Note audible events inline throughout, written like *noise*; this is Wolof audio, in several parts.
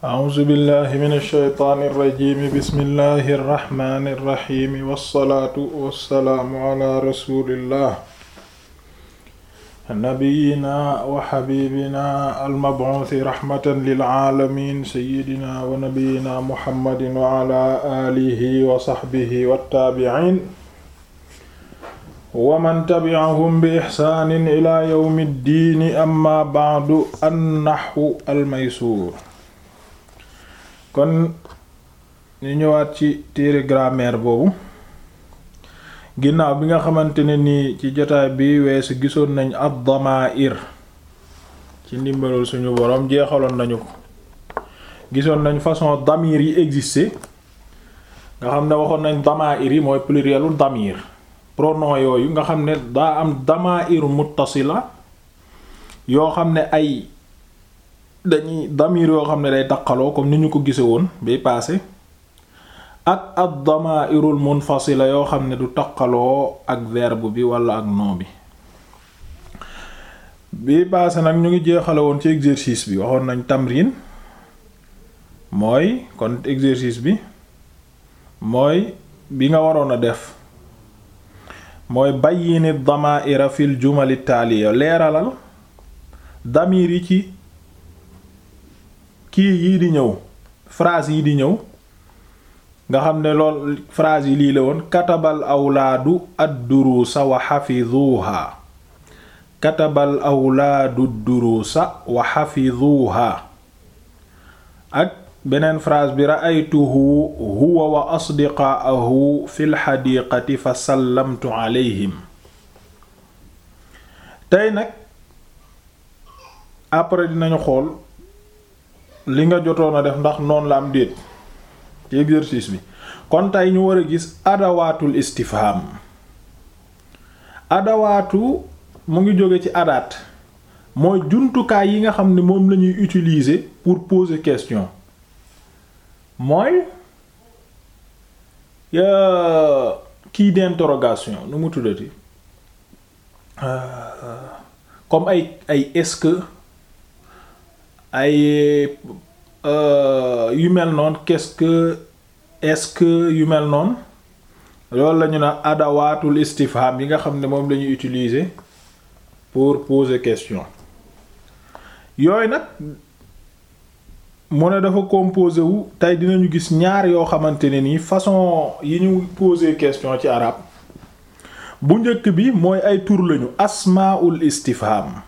A'uuzu billahi mina shaytaani rajiim bismillahi rahmaani rahiim wassalaatu wassalaamu ala rasulillah nabiyyina wa habiibina al-mab'uuthi rahmatan lil aalamiin sayyidina wa nabiyyina muhammadin wa ala aalihi wa sahbihi wattaabi'iin wa man tabi'ahum bi ihsaanin ila yawmi ddiin amma ba'du an-nahwu al-maysuur kon ñu ñëwaat ci téere grammaire boobu ginnaaw bi nga xamante ne nii ci jotaay bi weesu gisoon nañ ad-damaa'ir ci ndimbalul suñu boroom jeexaloon nañu ko gisoon nañ façon damir yi existé nga xam ne waxoon nañ damaa'ir yi mooy plurielu damir pronom yooyu nga xam ne daa am damaa'ir la yoo xam ne ay dañuy damir yoo xam ne day taqaloo comme ni ñu ko gisee woon bi passé ak ad damairul munfasila yoo xam ne du taqaloo ak verbe bi wala ak nom bi bi passé nag ñu ngi jeexale woon ci exercice bi waxoon nañ tamrin mooy kon exercice bi mooy bi nga waroon a def mooy bayyini damaira fil jumali taaliya leeralal damir yi ci kii yii di ñëw phrase yi di ñëw nga xam ne lool phrase yi lii la woon katabal awlaadu ad-duruusa wa xafiduuha katabal awlaadu ad-duruusa wa xafiduuha ak beneen frase bi ra'aytuhu huwa wa asdiqaahu fi lxadiqati fa sallamtu alayhim tey nag après dinañu xool li nga jotoon a def ndax noonu la am déet ci exercice bi kon tey ñu war a gis adawaatul istifham adawaatu mu ngi jóge ci adaat mooy jumtukaay yi nga xam ne moom lañuy ñuy pour poser question mooy euh, kii d'interrogation nu mu tuddati euh, comme ay ay est ay euh, yu mel noon qu'est-ce est-ce que yu mel noon loolu la ñu naan adawatul istifham yi nga xam ne moom la ñuy utiliser pour poser question yooyu nag mu ne dafa composé wu tey dinañu gis ñaar yoo xamante ne nii façon yi ñu poser question ci arab bu njëkk bi mooy ay tur lañu asmaul istifham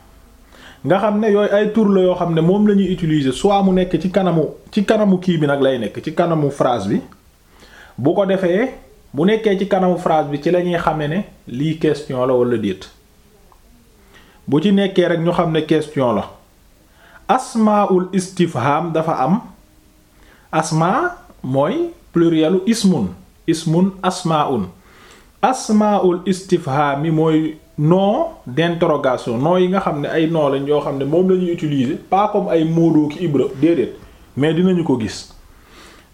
nga xam ne yooyu ay tur la yoo xam ne moom la ñuy utiliser soit mu nekk ci kanamu ci kanamu kii bi nag lay nekk ci kanamu frase bi bu ko defee bu nekkee ci kanamu frase bi ci lañuy ñuy xamee ne lii question la wala déet bu ci nekkee rek ñu xam ne question la asmaul istifham dafa am asma mooy plurielu ismun ismun asmaun asmaul istifham yi mooy nom d'interrogation nom yi nga xam ne ay nom lañ yoo xam ne moom la ñuy utiliser pas ay Moodu ki Ibra déedéet mais dinañu ko gis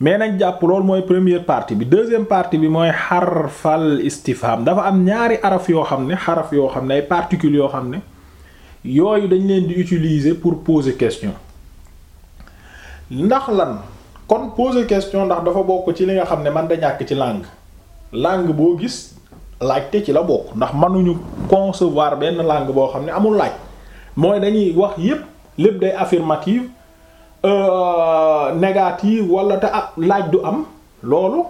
mais nañ jàpp loolu mooy première partie bi deuxième partie bi mooy xarfal istifham dafa am ñaari araf yoo xam ne xaraf yoo xam ne ay particules yoo xam ne yooyu dañu leen di utiliser pour pose question ndax lan kon poser question ndax dafa bokk ci li nga xam ne man da ñàkk ci langue langue boo gis laajte ci la bokk ndax mënuñu concevoir benn langue boo xam ne amul laaj mooy dañuy wax yépp lépp day affirmative euh, négative wala te ab laaj du am loolu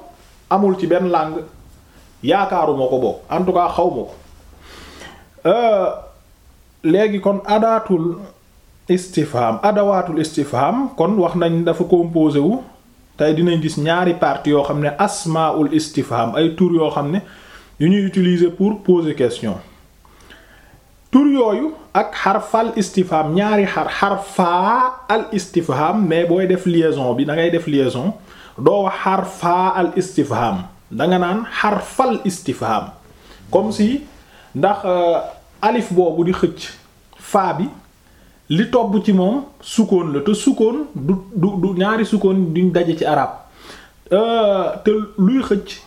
amul ci benn langue yaakaaruma ko bokk en tout cas xaw ma ko euh, léegi kon adaatul istifham adawaatul istifham kon wax nañ dafa composé wu tey dinañ gis ñaari parties yoo xam ne asmaul istifham ay tur yoo xam ne yu ñuy utiliser pour poser question tur yooyu ak xarfal istifham ñaari xar xarfaa al istifham mais booy def lieson bi da ngay def lieson doo wax xarfaa al istifham danga naan xarfal istifham comme si ndax euh, alif boobu di xëcc faa bi li topp ci moom sukkoon la te sukkoon du du du ñaari sukkoon duñ daje ci arab euh, te luy xëcc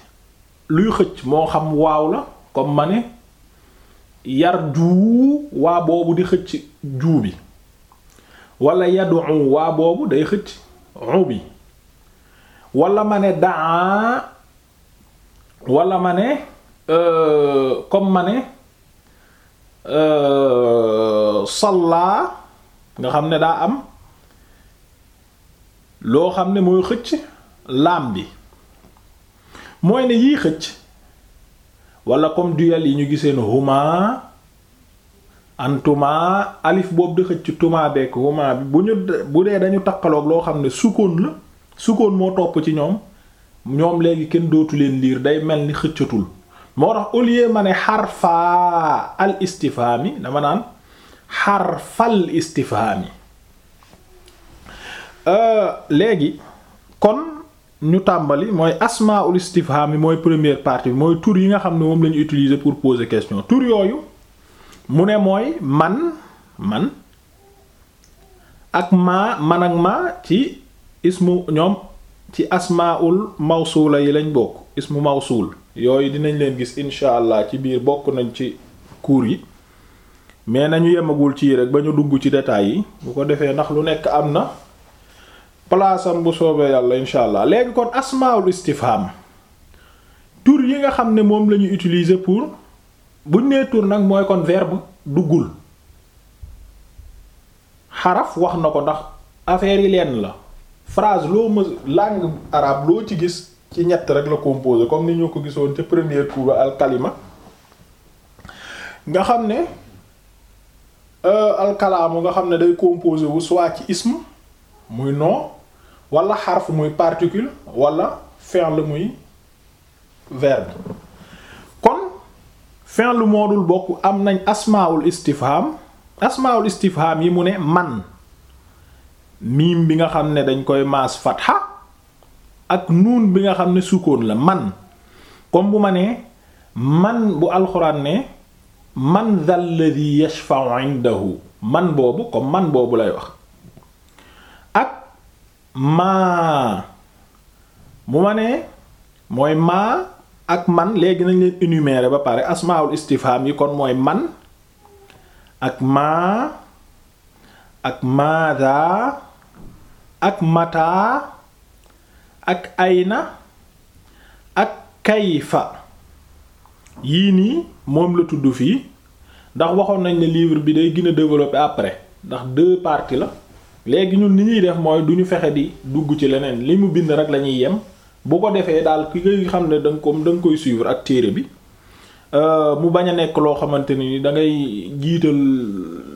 luy xëcc moo xam waaw la comme ma ne yar juu waa boobu di xëcc juu bi wala yadu waa boobu day xëcc u bi walla ma ne daa wala ma ne euh, comme ma ne euh, sallaa nga xam ne daa am loo xam ne mooy xëcc laam bi mooy ne yii xëcc walla comme duel yi ñu gisee ne huma antuma alif boobu di xëcc tuma beek huma bu ñu bu dee dañu takkaloog loo xam ne sukkoon la sukkoon moo topp ci ñoom ñoom léegi kenn dootu leen liir day mel ni xëccatul moo tax au lieu ma ne xarfaa al istifhami dama naan xarfal istifhami euh, léegi kon ñu tàmbali mooy asmaul istifham bi mooy première partie bi mooy tur yi nga xam ne moom lañu ñu utiliser pour poser question tur yooyu mu ne mooy man man ak maa man maa ci ismu ñoom ci asmaul mawsuula yi lañ bokk ismu mawsuul yooyu dinañ leen gis incha allah ci biir bokk nañ ci cours yi mais nañu yemagul ci rek ba ñu dugg ci détails yi bu ko defee ndax lu nekk am na palaasam bu soobee yàlla incha allah léegi kon asmaul istifham tur yi nga xam ne moom lañuy ñu pour buñ nee tur nag mooy kon verbe duggul xaraf wax na ko ndax affaire yi lenn la phrase loo ma langue arab loo ci gis ci ñett rek la composé comme ni ñu ko gisoon ca premier cours al kalima nga xam ne euh, al kalaamu nga xam ne day composé wu soit ci ism muy nom wala xarf muy particule wala fi'l muy verbe kon fi'l moo dul bokk am nañ asmaul istifham asmaul istifham yi mu ne man miim bi nga xam ne dañ koy maas fatha ak nuun bi nga xam ne sukkoon la man comme bu ma nee man bu alxuraan ne man dhal ladhi yashfa'u man boobu comme man boobu lay wax maa bu ma nee mooy maa ak man léegi nañ leen énumérer ba pare asmaul istifham yi kon mooy man ak maa ak maada ak mataa ak ayna ak kayfa yii nii moom la tudd fii ndax waxoon nañ ne livre bi day gina a après ndax deux partie la léegi ñun ni ñuy def mooy du ñu fexe di dugg ci leneen li mu bind rek la ñuy yem bu ko defee daal ki nga xam ne da nga ko koy suivre ak téere bi euh, mu bañ a nekk loo xamante ni da ngay jiital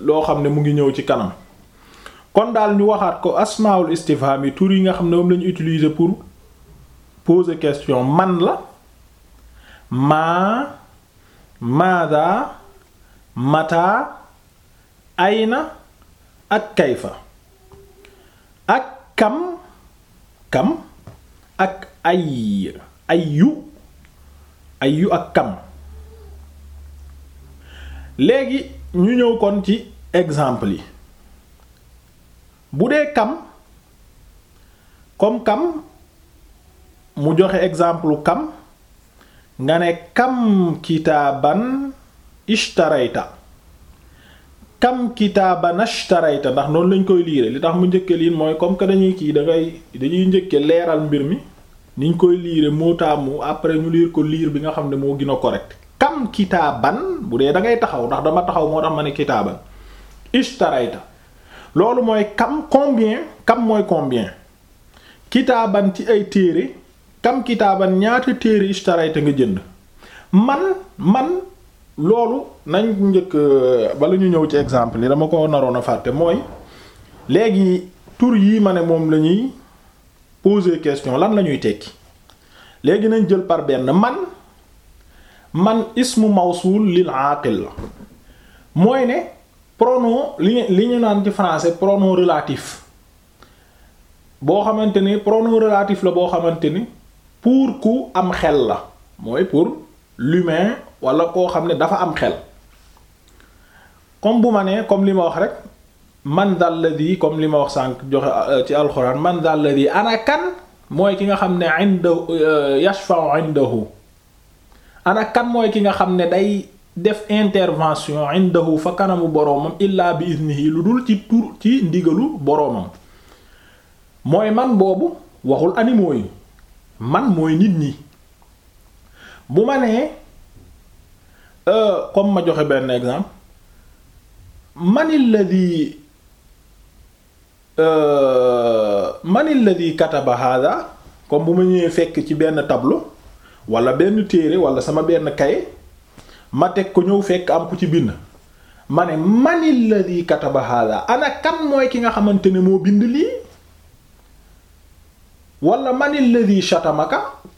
loo xam ne mu ngi ñëw ci kanam kon daal ñu waxaat ko asmaul istifham yi tur yi nga xam ne moom la ñu utiliser pour poser question man la maa maada mata ayna ak kayfa ak kam kam ak ay ayyu ak kam léegi ñu ñëw kon ci exemple yi bu dee kam comme kam mu joxe exemple kam nga ne kam kitaaban ishtarayta kam kitaaban ashtarayta ndax noonu lañ koy liire li tax mu njëkkee liin mooy comme que dañuy kii da ngay dañuy njëkke leeral mbir mi niñ koy liire moo taamu après ñu liir ko liir bi nga xam ne moo gën a correct kam kitaaban bu dee dangay taxaw ndax dama taxaw moo tax ma ne kitaaban ishtarayta loolu mooy kam combien kam mooy combien kitaaban ci ay téere kam kitaaban ñaata téere ishtarayta nga jënd man man loolu nañ njëkk euh, bala ñu ñëw ci exemple yi dama ko naroon a fàtte mooy léegi tur yii ma ne moom la ñuy poser question lan la ñuy tekki léegi nañ jël par benn man man ismu mawsul lil aaqil la mooy ne prono li li ñu naan ci français pronom relatif boo xamante ni pronom relatif la boo xamante ni pour ku am xel la mooy pour l'humain wala koo xam ne dafa am xel comme bu ma nee comme li ma wax rek man dal ladhi comme li ma wax sànq joxe euh, ci alxuraan man dal ladhi kan mooy ki nga xam ne indahu euh, yashfa'u indahu ana kan mooy ki nga xam ne day def intervention indahu fa kanamu boroomam illaa bi iznihi lu dul ci tur ci ndigalu boroomam mooy man boobu waxul animaux yi man mooy nit ñi bu ma nee euh, comme ma joxe benn exemple manil la di euh, manil la di kataba hada comme bu ma ñëwee fekk ci benn tableau wala benn téere wala sama benn kaye ma teg ko ñëw fekk am ku ci bind ma ne manil la di ana kan mooy ki nga xamante ne moo bind lii wala manil la di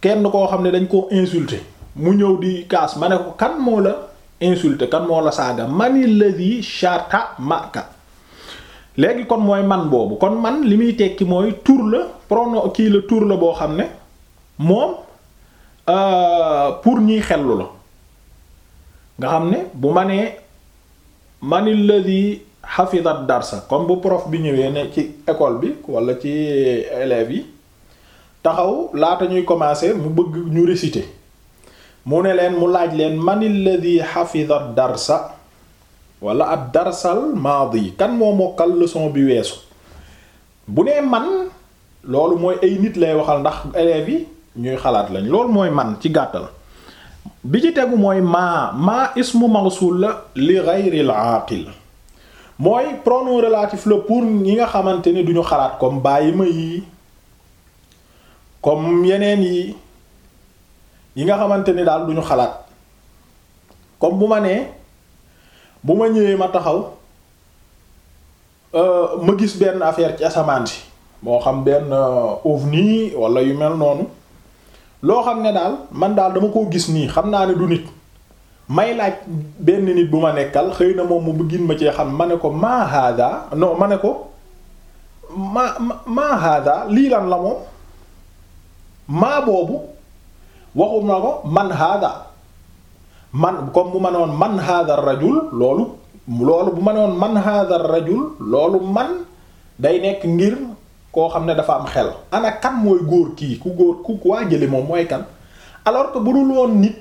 kenn koo xam ne dañ koo insulter. mu ñëw di kaas ma ne ko kan moo la insulté kan moo la saaga mani ladhi sharta maka léegi kon mooy man boobu kon man li muy tekki mooy tur la prono kii la tur la boo xam ne moom euh, pour ñiy xellu la nga xam ne bu ma nee mani ladhi hafizat darsa comme bu prof bi ñëwee ne ci école bi wala ci élèves yi taxaw laata ñuy commencer mu bëgg ñu réciter mu ne leen mu laaj leen man alladhi hafiza darsa wala ad darsal maadi kan moo mokkal leçon bi weesu bu nee man loolu mooy ay nit lay waxal ndax élèves yi ñuy xalaat lañ loolu mooy man ci gàttal bi ci tegu mooy maa maa ismu mawsul la li ghayril aaqil mooy pronom relatif la pour ñi nga xamante ni duñu xalaat comme ma yi comme yeneen yi yi nga xamante ni daal duñu xalaat comme bu ma nee bu ma ñëwee ma taxaw euh, ma gis benn affaire ci asamaan si moo xam benn euh, ovni wala yu mel noonu loo xam ne daal man daal dama koo gis nii xam naa ne du nit may laaj benn nit bu ma nekkal xëy na moom mu bëggin ma cee xam ma ne ko ma hada non ma ne ko ma ma hada lii lan la moom maa boobu waxu na ko man hada man comme bu ma ne woon man hada rajul loolu loolu bu ma ne woon man hada rajul loolu man day nekk ngir koo xam ne dafa am xel ana kan mooy góor kii ku góor ku waa jële moom mooy kan alors que bu dul woon nit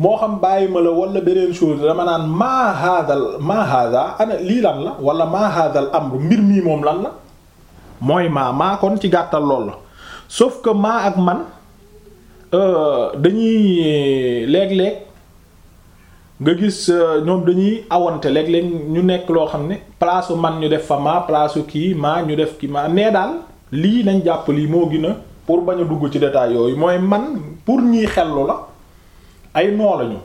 moo xam bàyyi ma la wala beneen chose dama naan maa haadal maa haada ana lii lan la wala maa haadal amru mbir mii moom lan la mooy maa maa kon ci gàttal lool la sauf que maa ak man Euh, dañuy léeg-léeg nga gis euh, ñoom dañuy awante léeg-léeg ñu nekk loo xam ne place man ñu def fa ma place kii maa ñu def kii maa nee daal lii lañ jàpp lii moo gina pour bañ a dugg ci détail yooyu mooy man pour ñiy xellu la ay noo lañu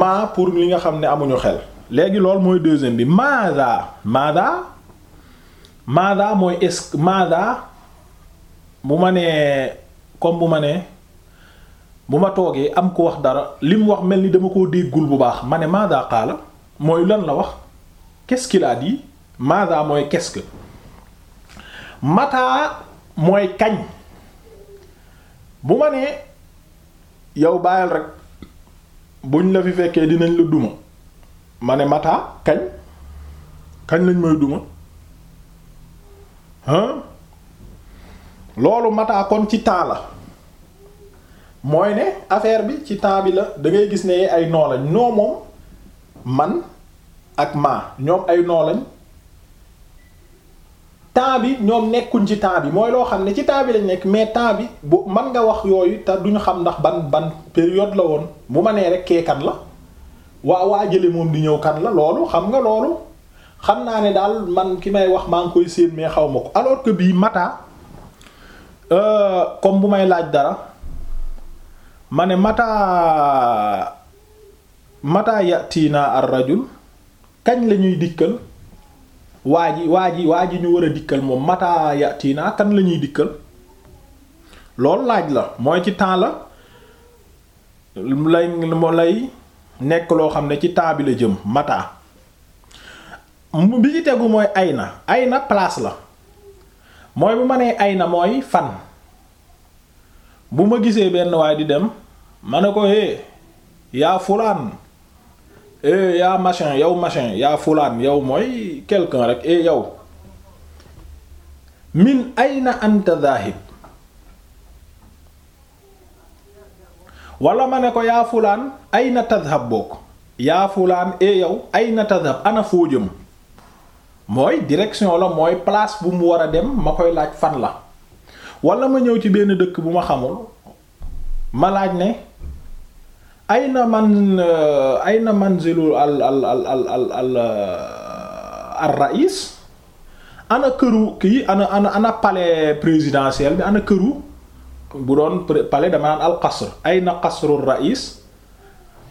maa pour li nga xam ne amuñu xel léegi loolu mooy deuxième bi maada maada maada mooy est maada bu ma nee comme bu ma nee bu ma toogee am ku wax dara li wax mel ni dama koo déggul bu baax ma ne maada qaala mooy lan la wax qu'est-ce qu'il a dit mooy qu'est-ce que mataa mooy kañ bu ma nee yow bàyyil rek buñ la fi fekkee dinañ la duma ma ne mataa kañ kañ lañ may duma hein loolu mataa kon ci temps la mooy ne affaire bi ci temps bi la da ngay gis ne ay noo lañ noo moom man ak ma ñoom ay noo lañ temps bi ñoom nekkuñ ci temps bi mooy loo xam ne ci temps bi lañ nekk mais temps bi bu man nga wax yooyu te duñu xam ndax ban ban période la woon bu ma nee rek kan la waaw waa jële moom di ñëw kan la loolu xam nga loolu xam naa ne daal man ki may wax maa ngi koy séen mais xaw ma ko alors que bii mataa euh, comme bu may laaj dara. ma ne mataa mataa yatiina ar rajul kañ la ñuy dikkal waa ji waa ji waa ji ñu war a dikkal moom mataa yatiina kan lañuy dikkal loolu laaj la mooy ci temps la lay mo lay nekk loo xam ne ci temps bi la jëm mataa bi ci tegu mooy ay na ay na place la mooy bu ma nee ay na mooy fan bu ma gisee benn waay di dem ma ne ko hé yaa fulaan hé eh, yaa machin yow machin yaa fulaan yow mooy quelqu'un rek hé eh, yow min ayna anta dhahib wala ma ne ko yaa fulaan ayna tadhab bokk yaa fulaan e yow ayna tadhab ana foo jëm mooy direction la mooy place bu mu war a dem ma koy laaj fan la wala ma ñëw ci benn dëkk bu ma xamul ma laaj ne ay na man euh, ay na manzilu al al al al al euh, rais ana këru kii ana ana ana palais présidentiel bi ana këru bu doon palais pale naan al qasr ay na qasru rais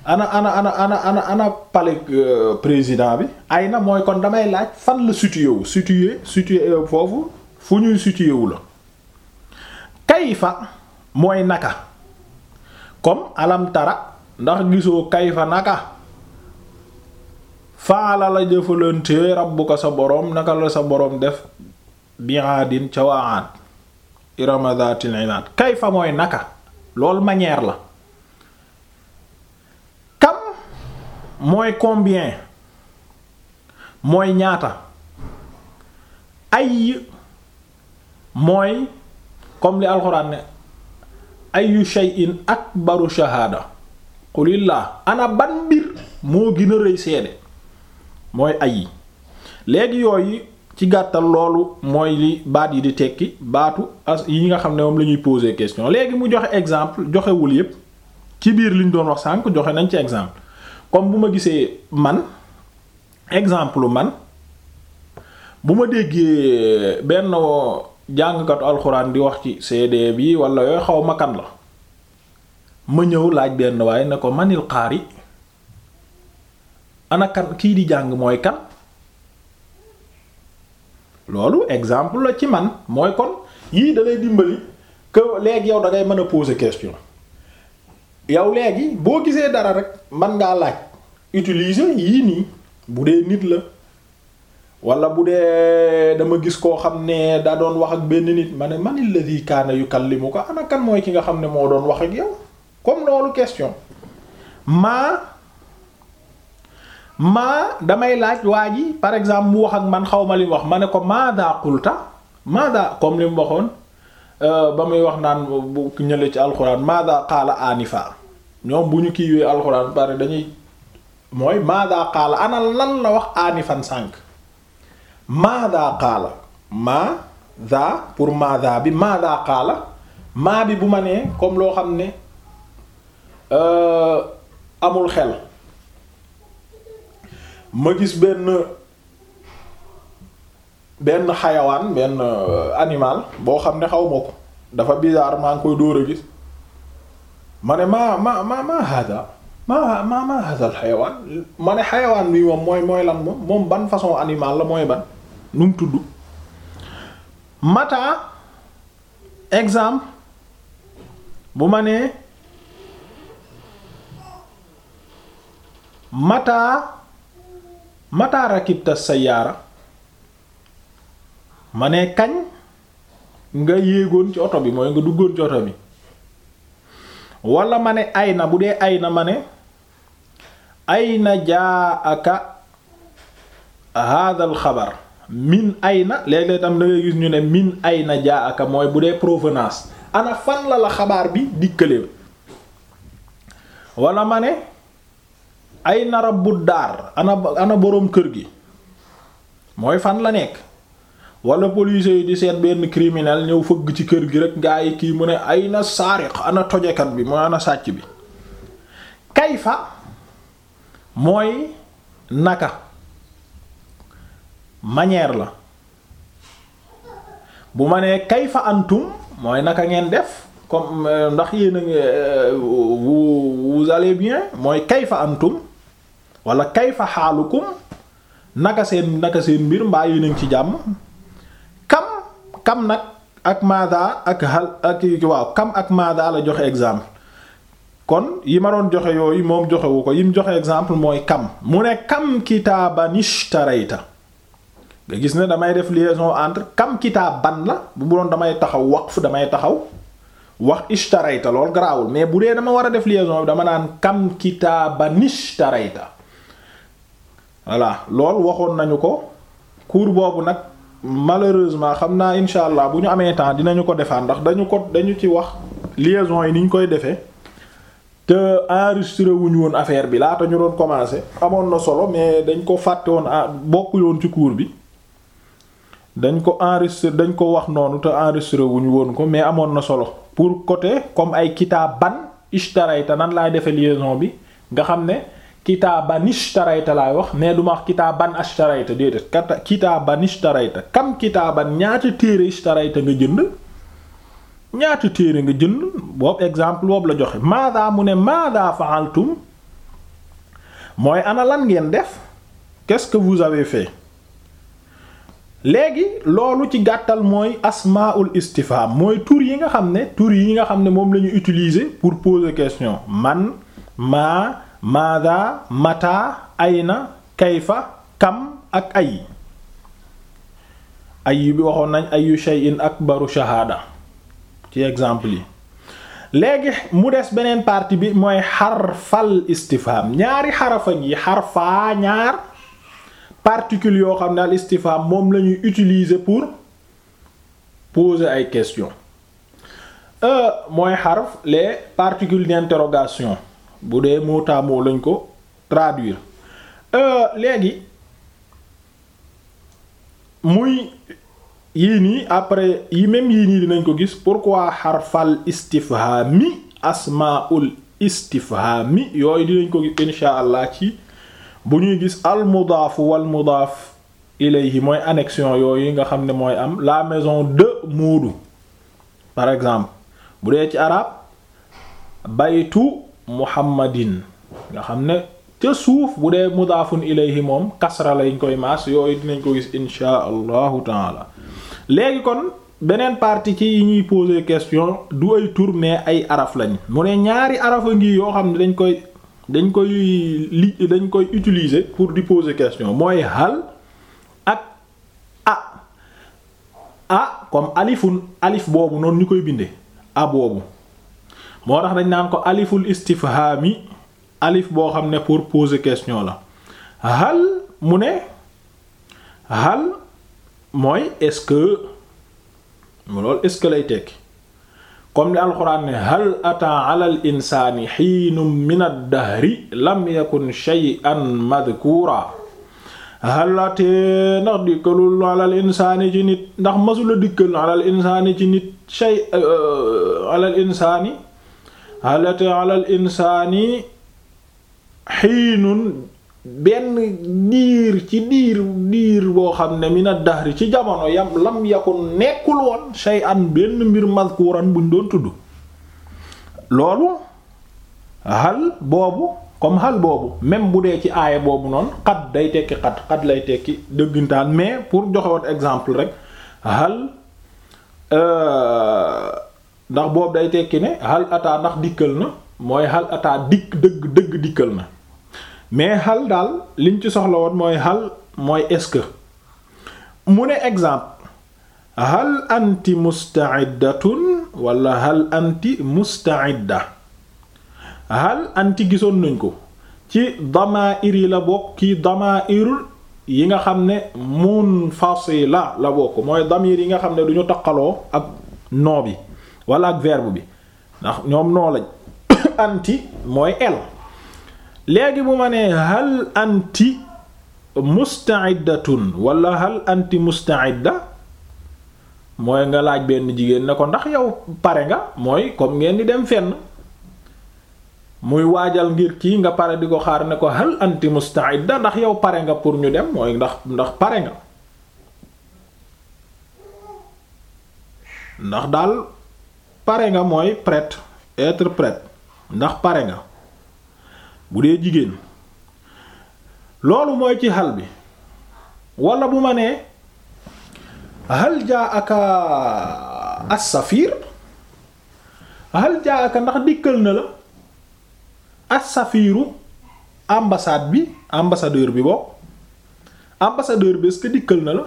ana ana ana ana ana ana palais euh, président bi ay na mooy kon damay laaj fan la situé wu situé situé foofu fu ñuy situé wu la kayfa mooy naka comme alam ndax gisoo kayfa naka faala la jëfalante rabbuka sa boroom naka la sa boroom def bi'aadin ca waa aad kayfa mooy naka lool manière la kam mooy combien mooy ñaata ay mooy comme li alxuraan ne ayu ak baru shahaada qulillah ana ban mbir moo gën a rëy seede mooy ay léegi yooyu ci gàttal loolu mooy li baat yi di tekki baatu as yi nga xam ne moom la ñuy poser question léegi mu joxe exemple joxewul yépp ci biir li doon wax sànk joxe nañ ci exemple comme bu ma gisee man exemple man bu ma déggee benn jàngkatu alxuraan di wax ci CD bi walla yooyu xaw ma kan la ma ñëw laaj benn waaye ne ko manil xaari ana kii di jàng mooy kan loolu exemple la ci man mooy kon yii da dimbali que léegi yow da mën a poser question yow léegi boo gisee dara rek man ngaa laaj utiliser yii nii bu dee nit la. wala bu dee dama gis koo xam ne daa doon wax ak benn nit ma ne man alladhi kaana yukallimuka ana kan mooy ki nga xam ne moo doon wax ak yow comme loolu question maa maa damay laaj waa ji par exemple mu wax ak man xaw ma li wax ma ne ko maada qulta maada comme lim mu waxoon euh, ba muy wax naan bu ñële ci alxuraan maada qaala anifa ñoom bu ñu kiiwee alxuraan pare dañuy mooy maada qaala ana lan la wax anifan sànk maada qaala maa za pour maada bi maada la maa bi bu ma nee comme loo xam ne euh, amul xel ma gis benn benn xayawaan benn euh, animal boo xam ne xaw ma ko dafa bizarre maa ngi koy dóor a gis ma ne maa ma ma ma hada ma ma ma hada xayawaan ma ne xayawaan bi moom mooy mooy lan moom moom ban façon animal la mooy ban nu mu tudd mata exemple bu ma nee mata mata rakibta sayyaara ma ne kañ nga yéegoon ci oto bi mooy nga duggoon ci oto bi wala ma ne ay na bu dee ay na ma ne ay na jaa aka haadal xabar miin ayna léeg-léeg tam da gis ñu ne min ayna jaa aka mooy bu dee provenance ana fan la la xabaar bi dikkale wala ma ne ayna rabbu daar ana boroom kër gi mooy fan la nekk walla police yi di seet benn criminel ñëw fëgg ci kër gi rek gaa yi kii mu ne ayna saariq ana tojekat bi mooy ana sàcc bi kayfa mooy naka manière la bu ma nee kayfa antum mooy naka ngeen def comme euh, ndax yéen a ngi euh, vous vous bien mooy kayfa antum wala kayfa xaalukum naka seen naka seen mbir mbaa yéen a ci jàmm kam kam nag ak maada ak hal ak waaw kam ak maada la joxe exemple kon yi ma doon joxe yooyu moom joxewu ko yim joxe exemple mooy kam mu ne kam kitaaban ishtarayta nga gis ne damay def lieson entre kam ban la bu doon damay taxaw wax damay taxaw wax ishtarayta lool garaawul mais bu dee dama war a def liaison bi dama naan kam kitaaban ishtarayta voilà lool waxoon nañu ko cours boobu nag malheureusement xam naa insha allah bu ñu amee temps dinañu ko defaan ndax dañu ko dañu ci wax liaison yi ni ñu koy defee te enregistré wuñu woon affaire bi laata ñu doon commencer amoon na solo mais dañ ko fàtte woon ah, bokku yoon ci cours bi dañ ko enregistré dañ ko wax noonu te enregistré wuñ woon ko mais amoon na solo pour côté comme ay kitaaban ishtarayta nan laay defe liaison bi nga xam ne kitaaban ishtarayta laay wax ne du ma wax kitaaban ashtarayta déedéet kitaaban ishtarayta kam kitaaban ñaata téere ishtarayta nga jënd ñaata téere nga jënd boobu exemple boobu la joxe maada mu ne maada fa'altum mooy ana lan ngeen def quest que vous avez fait léegi loolu ci gàttal mooy asmaul istifham mooy tur yi nga xam ne tur yi nga xam ne moom lañu ñu utiliser pour poser question man maa maada mata ayna kayfa kam ak ay ayu bi waxoon nañ ayu ak akbaru shahada ci exemple yi léegi mu des beneen partie bi mooy xarfal istifham ñaari xarafa ngi xarfaa ñaar particule yoo xam ne al istifham moom la ñuy utiliser pour poser ay questions euh mooy xarf les particules d'interrogation bu dee moo à mot lañ ko traduire e, léegi muy yii nii après yi même yii nii dinañ ko gis pour pourquoi xarfal istifhami asmaul istifhami yooyu dinañ ko gis insha allah ci bu ñuy gis al mudaafu wal mudaaf ilayhi mooy annexion yooyu nga xam ne mooy am la maison de Moodu par exemple bu dee ci arab baytu muhammadin nga xam ne ca suuf bu dee mudaafun ilayhi moom kasra lañ koy maas yooyu dinañ ko gis insha allahu taala léegi kon beneen partie ci yi ñuy poser question du ay tur mais ay araf lañ mu ne ñaari arafa ngi yoo xam ne dañ koy dañ koy li dañ koy utiliser pour di poser question mooy hal ak a a comme alifun alif boobu noonu ñu koy bindee a boobu moo tax dañ naan ko aliful istifhami alif boo xam ne pour poser question la hal mu ne hal mooy est-ce que loolu est-ce que lay tekki comme li alxuraan ne hal ataa alal insaani xiinum min ad-dahri lam yakun shay'an madhkuura hal atee ndax dikkalul alal insaani ci nit ndax masula dikkal alal insaani ci nit shay euh, alal insaani hal atee alal insaani xiinun benn diir ci diir diir boo xam ne mina dahri ci jamono yam lam yakun nekkul woon shay an benn mbir mazkuran buñ doon tudd loolu xal boobu comme hal boobu même bu dee ci aaya boobu noonu xat day tekki xat xat lay tekki dëggintaan mais pour joxe woon exemple rek hal euh, ndax boobu day tekki ne hal ataa ndax dikkal na mooy hal ataa dikk dëgg dëgg dikkal na mais hal daal liñ ci soxla woon mooy hal mooy est-ce que mu ne exemple hal anti musta'iddatun walla hal anti musta'idda hal anti gisoon nañ ko ci damaa'ir yi la bokk kii damaa'ir yi nga xam ne munfasila la bokk mooy damir yi nga xam ne duñu taqaloo ak no bi walla ak verbe bi ndax ñoom noo lañ *coughs* anti mooy el léegi bu ma nee hal anti musta'iddatun wala hal anti musta'idda mooy nga laaj benn jigéen ne ko ndax yow pare nga mooy comme ngeen di dem fenn muy waajal ngir kii nga pare di ko xaar ne ko hal anti musta'idda ndax yow pare nga pour ñu dem mooy ndax ndax pare nga ndax daal pare nga mooy prête être prête ndax pare nga bu dee jigéen loolu mooy ci hal bi wala bu ma nee hal jaa aka as hal jaa aka ndax dikkal na la as-safiru bi ambassadeur bi boo ambassadeur bi est dikkal na la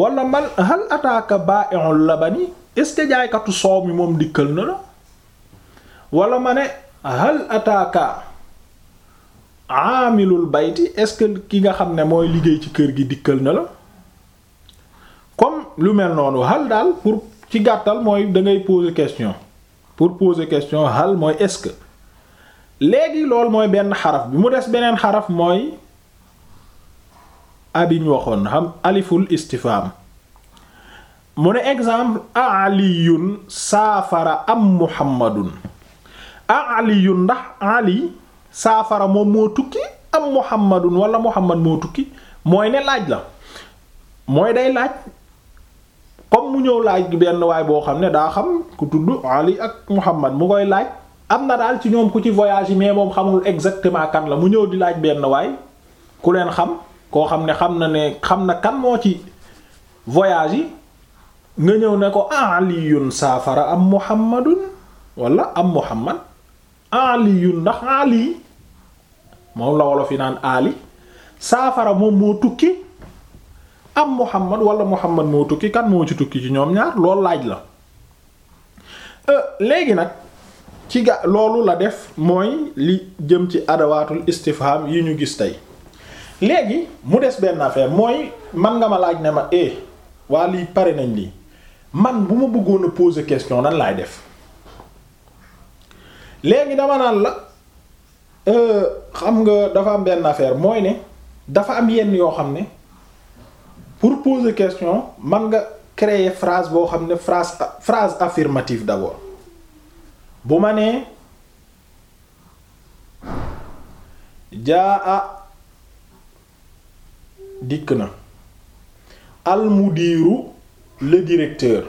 wala man hal ataaka baa'i'ul labani est-ce que jaaykatu soow mi moom dikkal na la wala ma ne hal ataaka aamilul bayti est-ce que ki nga xam ne mooy liggéey ci kër gi dikkal na la comme lu mel noonu hal daal pour ci gàttal mooy da ngay poser question pour poser question hal mooy est-ce que léegi loolu mooy benn xaraf bi mu des beneen xaraf mooy abiñ waxoon xam aliful istifham mu ne exemple aliyun saafara am muhammadun aliyun ndax ali saafara moom moo tukki am muhammadun wala muhammad moo tukki mooy ne laaj la mooy day laaj comme mu ñëw laaj benn waay boo xam ne daa xam ku tudd ali ak muhammad mu koy laaj am na daal ci ñoom ku ci voyage yi mais moom xamul exactement kan la mu ñëw di laaj benn waay ku leen xam koo xam ne xam na ne xam na kan moo ci voyage yi nga ñëw ne ko aliyun saafara am muhammadun wala am muhammad ali yu ndax ali moom la wolof yi naan ali saafara moom moo tukki am muhammad wala muhammad moo tukki kan moo ci tukki ci ñoom ñaar loolu laaj la euh, léegi nag ci ga loolu la def mooy li jëm ci adawaatul istifham yi ñu gis tey léegi mu des benn affaire mooy man nga ma laaj ne ma eh waa lii pare nañ lii man bu ma bëggoon a poser question nan laay def léegi dama naan la euh, xam nga dafa am benn affaire mooy ne dafa am yenn yoo xam ne pour poser question man nga créer phrase boo xam ne phrase phrase affirmative d'abord bu ma nee jaa a dikk na almudiiru le directeur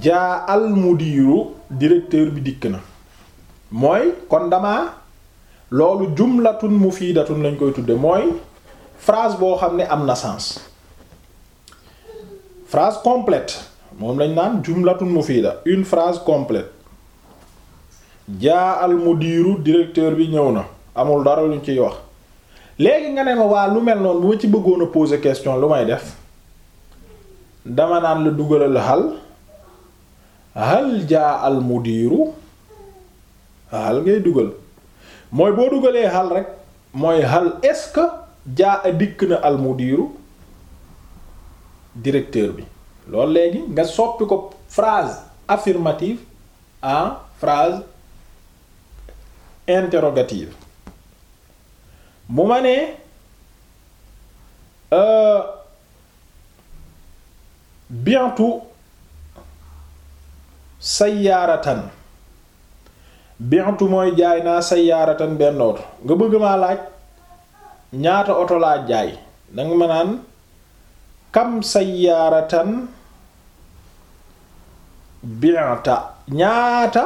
jaa almudiiru directeur bi dikk na mooy kon dama loolu jumlatun fiidatu lañ koy tudde mooy phrase boo xam ne am na sens phrase complete moom lañ naan jumlatun mufida une phrase complète jaa al mudiru directeur bi ñëw na amul dara luñ ciy wax léegi nga ne ma waa lu mel noonu bu ma ci bëggoon a poser question lu may def dama naan la dugalal hal hal jaa al mudiru hal ngay dugal mooy boo dugalee xal rek mooy xal est-ce que jaa a dikk na almudiiru directeur bi loolu léegi nga soppi ko phrase affirmative en phrase interrogative bu ma nee euh, bientôt sayaaratan bi'tu mooy jaay naa sayyaaratan benn oto nga bëgg maa laaj ñaata oto laa jaay danga ma naan kam sayyaaratan bi'ta ñaata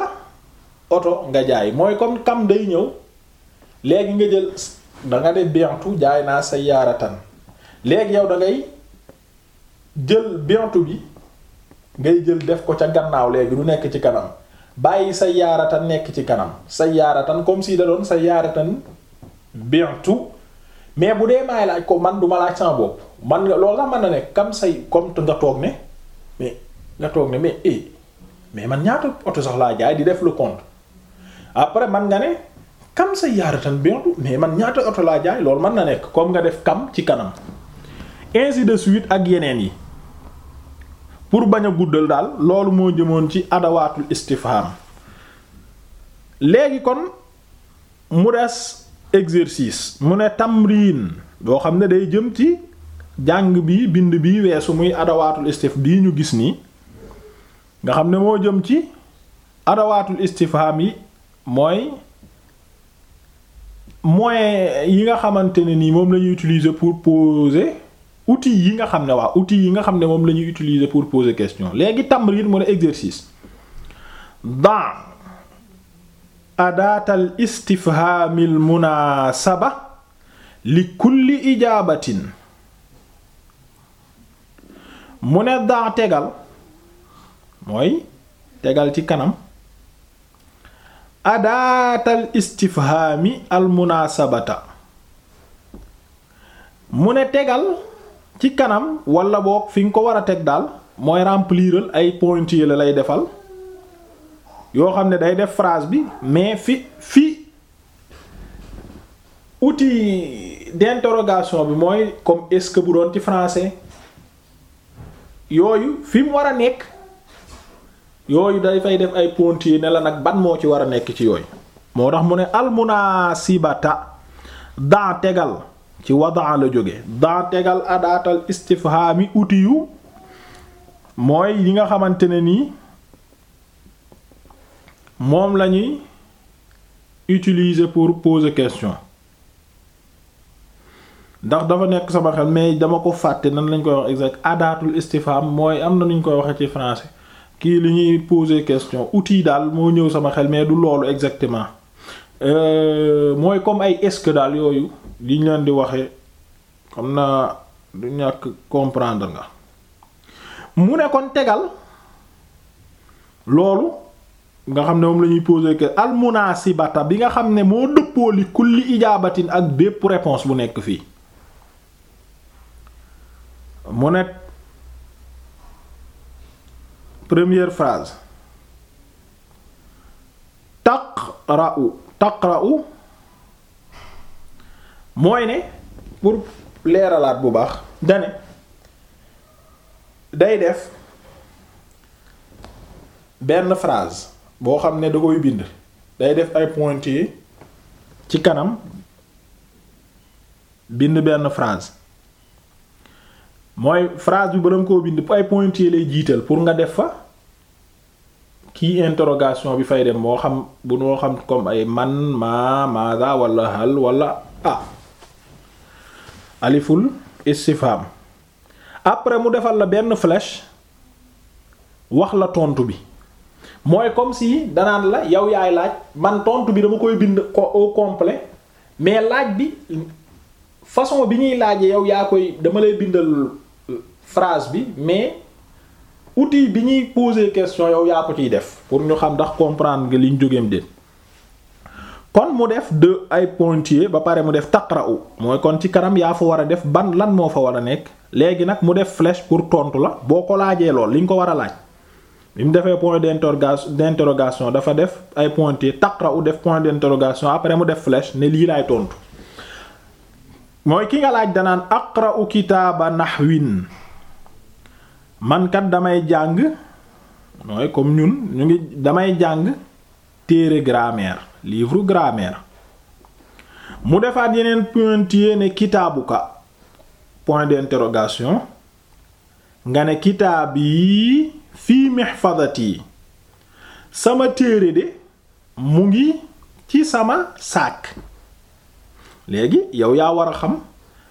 oto nga jaay mooy comme kam day ñëw léegi nga jël da nga ne jaay naa sayyaaratan léegi yow da jël bi'tu bi ngay jël def ko ca gannaaw léegi du nekk ci kanam bàyyi sa sayaaratan nekk ci kanam sayaaratan comme si da doon sayaaratan bi'tu mais bu dee maay laaj ko man du ma laaj sama bopp man nga loolu la mën na ne kam say comme nga toog ne mais nga toog ne mais eh, mais man ñaata oto sax laa jaay di def le compte après man nga ne kam sayaaratan bi'tu mais man ñaata oto laa mën na nekk comme nga def kam ci kanam ainsi de suite ak yeneen yi. pour bañ a guddal daal loolu moo jëmoon ci adawaatul istifham léegi kon mu des exercice mu ne tamrin boo xam ne day jëm ci jàng bi bind bi weesu muy adawaatul istif bii ñu gis nii nga xam ne moo jëm ci adawaatul istifham yi mooy moyen yi nga xamante ne nii moom la ñuy utiliser pour poser outils yi nga xam ne waa outils yi nga xam ne moom la ñuy utiliser pour poser question léegi tamrin mu ne exercice da adaatal istifhaamil munaasaba li kulli ijaabatin mu daa tegal mooy tegal ci kanam adaatal istifhaami al munaasabata mu ne tegal ci kanam wala boog fi nga ko war a teg daal mooy rempliral ay pointillés la lay defal yoo xam ne day def phrase bi mais fi fi outil d'interrogation bi mooy comme est-ce que bu doon ci français yooyu fi mu war a nekk yooyu day fay def ay pointillés ne la nag ban moo ci war a nekk ci yooyu moo tax mu ne almunasibata daa tegal ci wadaa la jóge daa tegal adaatal istifhaami uti yu mooy yi nga xamante ne nii moom la ñuy utiliser pour poser question ndax dafa nekk sama xel mais dama ko fàtte nan lañ koy wax exact adaatul istifham mooy am na ñu koy waxee ci français kii li ñuy poser question yi daal moo ñëw sama xel mais du loolu exactement Euh, mooy comme ay est daal yooyu li leen di waxee xam naa du ñàkk comprendre nga mu ne kon tegal loolu nga xam ne moom lañuy ñuy poser almunasibata bi nga xam ne moo dëppoo li kulli ijaabatin ak bépp réponse bu nekk fii mu ne première phrase taqra'u taqra'u mooy ne pour leeralaat bu baax dane day def benn phrase boo xam ne da koy bind day def ay pointillés ci kanam bind benn phrase mooy phrase bi ba danga koo bind ay pointillés lay jiital pour nga def fa kii interrogation bi fay dem moo xam bu noo xam comme ay man ma maada wala hal wala ah aliful istifham après mu defal la benn flèche wax la tontu bi mooy comme si danaan la yow yaay laaj man tontu bi dama koy bind complet mais laaj bi façon bi ñuy laajee yow yaa koy dama lay bindal euh, phrase bi mais outil bi ñuy poser question yow yaa ko ciy def pour ñu xam ndax comprendre nga liñ jógeem déet kon mu def de ay pointillés ba pare mu def taqra'u mooy kon ci kanam yaa fa war a def ban lan moo fa war a nekk léegi nag mu def flèche pour tontu la boo ko laajee lool li ñu ko war a laaj bi mu defee point d'interrogation d'interrogation dafa def ay pointillés taqra'u def point d'interrogation après mu def flèche ne lii laay tontu mooy ki nga laaj danaan aqra'u kitaaba nahwin mankat kat damay jàng mooy comme ñun ñu ngi damay jàng téere gramer livre grammaire mu defaat yeneen pointillé ne kitaabuka point d'interrogation nga ne kitaab yi fii yi sama téere de mu ngi ci sama saak léegi yow yaa war a xam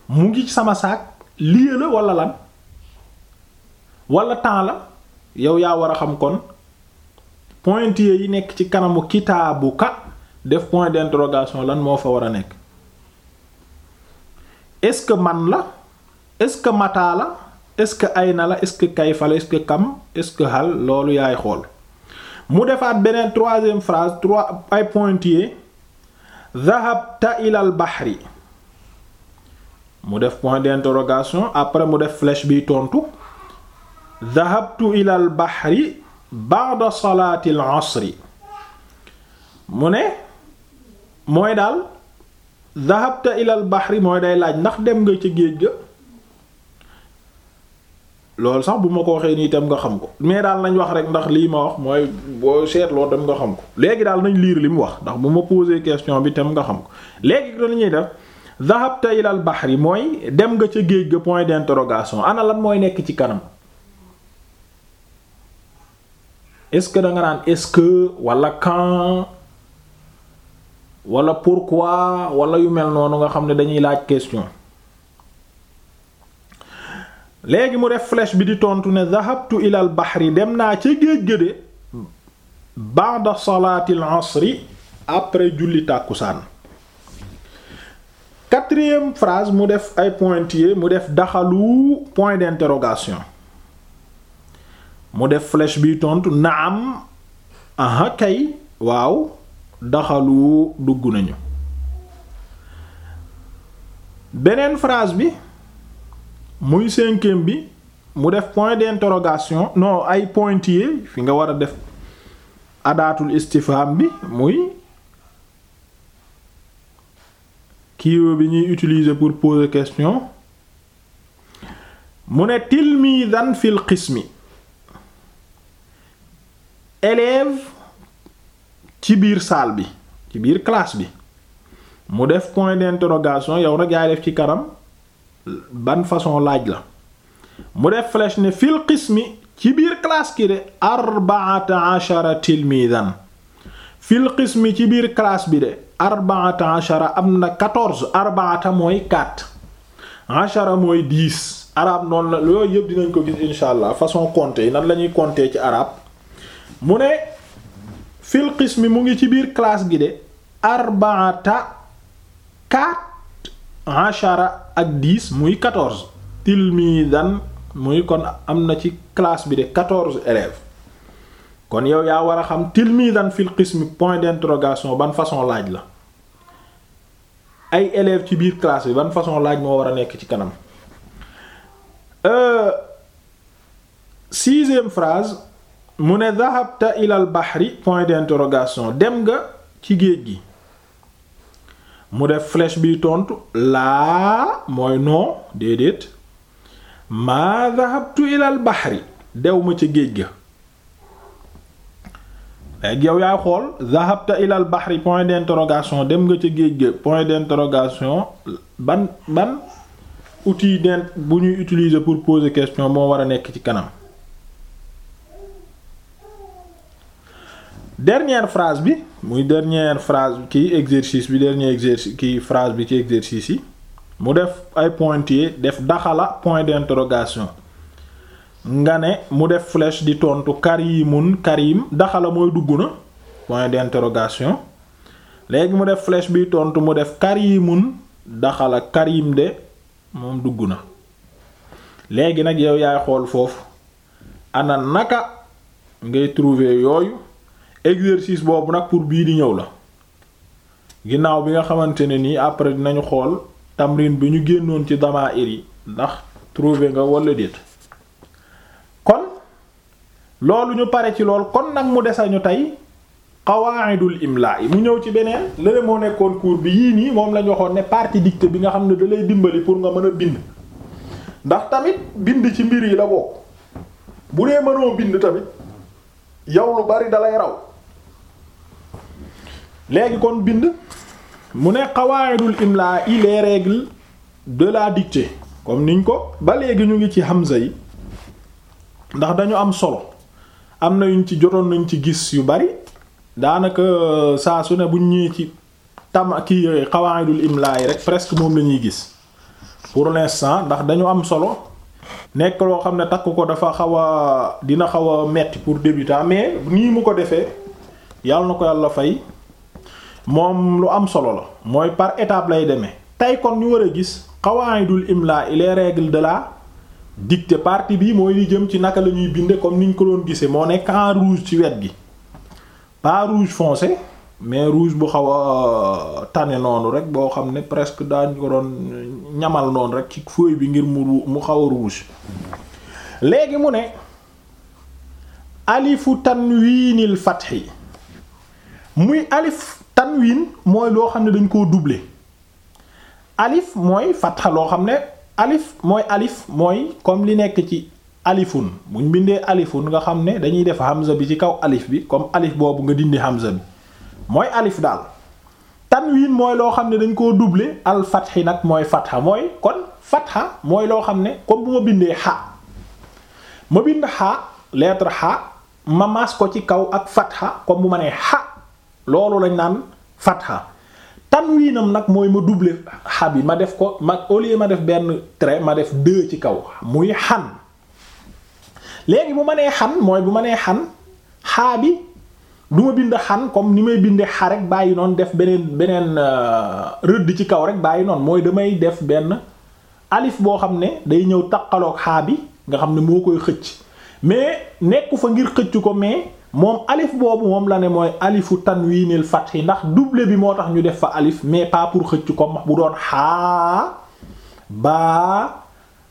mu ngi ci sama saak lii la walla lan wala temps la yow yaa war a xam kon pointillés yi nekk ci kanamu kitaabu ka def point d'interrogation lan moo fa war a nekk est-ce que man la est-ce que mataa la est-ce que ayna la est-ce que kayfa la est que kam est-ce que hal loolu yaay xool mu defaat beneen troisième phrase trois ay pointillés dhahabta ilal bahri mu def point d'interrogation après mu def flèche bi tontu dahabtu ila al bahri ba'da salaati al asri mu ne mooy daal dahabta ila al bahri mooy day laaj ndax dem nga ca géej ga lool sax bu ma ko waxee nii itam nga xam ko mais daal nañ wax rek ndax lii ma wax mooy boo seetloo dem nga xam ko léegi daal nañ liir li mu wax ndax bu ma posé question bi itam nga xam ko léegi lu ñuy def dhahabta ilal bahri mooy dem nga ca géej ga point d'interrogation ana lan mooy nekk ci kanam est-ce que da nga naan est-ce que wala quand wala pourquoi wala yu mel noonu nga xam ne dañuy laaj question léegi mu def flèche bi di tontu ne dhahabtu ila al bahri dem naa ci géej ga de ba'da salaatil asri après julli tàkkusaan quatrième phrase mu def ay pointillés mu def daxalu point d'interrogation mu def flèche bi tontu naam am kay waaw daxalu dugg nañu beneen phrase bi muy cinquième bi mu def point d'interrogation non ay pointillés fi nga war a def adaatul istifham bi muy kiiwa bi ñuy utiliser pour poser question mu ne tilmidan fil qismi élève ci biir saal bi ci biir classe bi mu def point d'interrogation yow nag yaay def ci kanam ban façon laaj la mu def flèche ne fil qismi ci biir classe ki de arbaata ashara tilmidan fil mi ci biir classe bi de arbaata ashara am na quatorze arbaata mooy quatre ashara mooy dix arab noonu la yooyu yëpp dinañ ko gis insha allah façon compter yi nan la ñuy compter ci arab mu ne fil qismi mu ngi ci biir classe gi de arbaata quatre ashara ak dix muy quatorze tilmidan muy kon am na ci classe bi de quatorze élèves kon yow yaa war a xam tilmidan fil qismi point d'interrogation ban façon laaj la ay élèves ci biir classe bi ban façon laaj moo war a nekk ci kanam euh frase mu ne dhahabta ilal bahri point d'interrogation dem nga ci géej gi mu def flèche bi tontu laa mooy noo déedéet maa dhahabtu ilal bahri dew ma ca géej ga léegi yow yaay xool dhahabta ilal bahri point d'interrogation dem nga ca géej ga point d'interrogation ban ban uti outil bu ñuy utiliser pour poser question moo war a nekk ci kanam dernière phrase bi muy dernière frase kii exercice bi dernier exercice kii frase bi ci exercice yi mu def ay pointillés def daxala point d'interrogation nga ne mu def flèche di tontu karimun karim daxala mooy dugg na point d'interrogation léegi mu def flèche bi tontu mu def karimun daxala karim de moom dugg na léegi nag yow yaay xool foofu ana naka ngay trouve yooyu exercice boobu nag pour bii di ñëw la ginnaaw bi nga xamante ne nii après dinañu xool tamrin bi ñu génnoon ci damaa'ir yi ndax trouvé nga wala déet kon loolu ñu pare ci lool kon nag mu desañu tey qawaa'idul imla yi mu ñëw ci beneen lële moo nekkoon cours bi yii moom lañu waxoon ne partie dictée bi nga xam ne da dimbali pour nga mën a bind ndax tamit bind ci mbir yi la bokk bu dee mënoo bind tamit yow lu bari dalay raw léegi kon bind mu ne qawaidul imla i les règles de la dictée comme niñ ko ba léegi ñu ngi ci hamza yi ndax dañu am solo am na yuñ ci jotoon nañ ci gis yu bari daanaka euh, saa su ne buñ ñëwee ci tam ki qawaidul imla yi rek presque moom la ñuy gis pour l'instant ndax dañu am solo nekk loo xam ne takk ko dafa xaw a dina xaw a metti pour débutant mais nii mu ko defee yàlla na ko yàlla fay moom lu am solo la mooy par étape lay demee tey kon ñu war a gis qawaidul imla les règles de la dictée parti bi mooy li jëm ci naka la ñuy binde comme niñ ko doon gisee moo ne en rouge ci wet gi pas rouge foncé mais rouge bu xaw a euh, tane noonu rek boo xam ne presque daañu ko doon ñamal noonu rek ci feuille bi ngir mu mu xaw a rouge léegi mu ne alifu tanwiinil fatxi muy alif tanwin mooy loo xam ne dañ koo doubler alif mooy fatxa loo xam ne alif mooy alif mooy comme li nekk ci alifun buñ bindee alifun nga xam ne dañuy def hamza bi ci kaw alif bi comme alif boobu nga dindi hamza bi mooy alif daal tanwin mooy loo xam ne dañ koo duble al fatxi nag mooy fatxa mooy kon fatxa mooy loo xam ne comme bu ma bindee xa ma bind xa lettre xa ma mas ko ci kaw ak fatxa comme bu ma nee xa loolu lañ naan tan wiinam nag mooy ma doubler xa bi ma def ko mag au ma def benn trait ma def deux ci kaw muy xan léegi bu ma nee xan mooy bu ma nee xan xaa bi du ma bind xan comme ni may binde xa rek bàyyi noonu def beneen beneen euh, rëdd ci kaw rek bàyyi noonu mooy damay def benn alif boo xam ne day ñëw taqaloog xaa bi nga xam ne moo koy xëcc mais nekku fa ngir xëcc ko mais moom alif boobu moom la ne mooy alifu tanwiinil fathi ndax duble bi moo tax ñu def fa alif mais pas pour xëcc comme bu doon xaa baa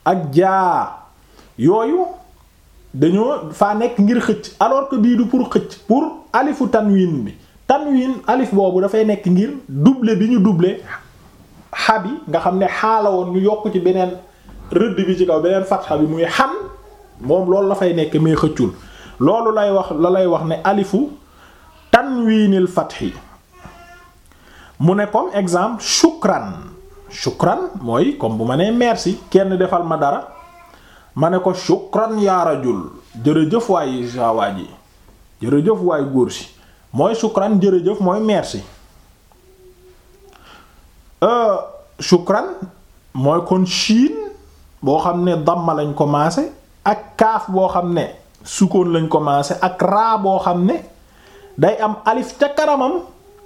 ak jaa yooyu dañoo faa nekk ngir xëcc alors que bii du pour xëcc pour alifu tanwin bi tanwin alif boobu dafay nekk ngir duble bi ñu duble xa bi nga xam ne xaala woon ñu yokk ci beneen rëdd bi ci kaw beneen fatxa bi muy xam moom loolu la fay nekk mais xëccul loolu lay wax lalay wax ne alifu tanwiinil fathi mu ne comme exemple shukran shukran mooy comme bu ma nee merci kenn defal ma dara ma ne ko shukran yaa rajul jërëjëf waay yi jërëjëf góor si mooy shukran jërëjëf mooy mersi euh shukran mooy kon shiin boo xam ne damma lañ ko ak kaaf boo xam ne sukkoon lañ commencé ak raa boo xam ne day am alif ca kanamam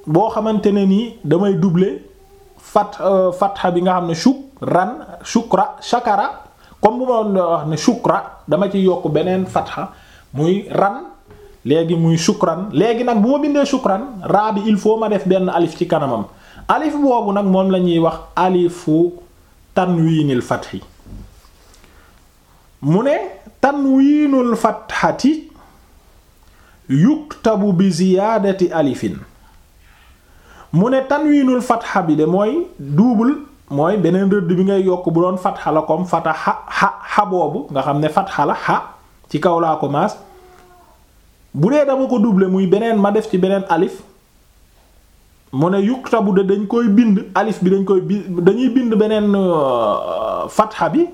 boo xamante ne nii damay duble fat euh, fatha bi nga xam ne shuk ran shukra shakara comme bu ma doon wax ne shukra dama ci yokk beneen fatha muy ran léegi muy shukran léegi nag bu ma bindee shukran raa bi il faut ma def benn alif ci kanamam alif boobu nag moom la ñuy wax alifu tanwiinil fathi mu ne tanwiinul fatxati yuktabu bi ziyaadati alifin mu ne tanwiinul fatxa bi de mooy double mooy beneen rëdd bi ngay yokk bu doon fatxa la comme fata xa xa xa boobu nga xam ne fatxa la xa ci kaw laa ko maas bu dee dama ko double muy beneen ma def ci beneen alif mu ne yuktabu de dañ koy bind alif bi dañ koy bi dañuy bind beneen euh, fatxa bi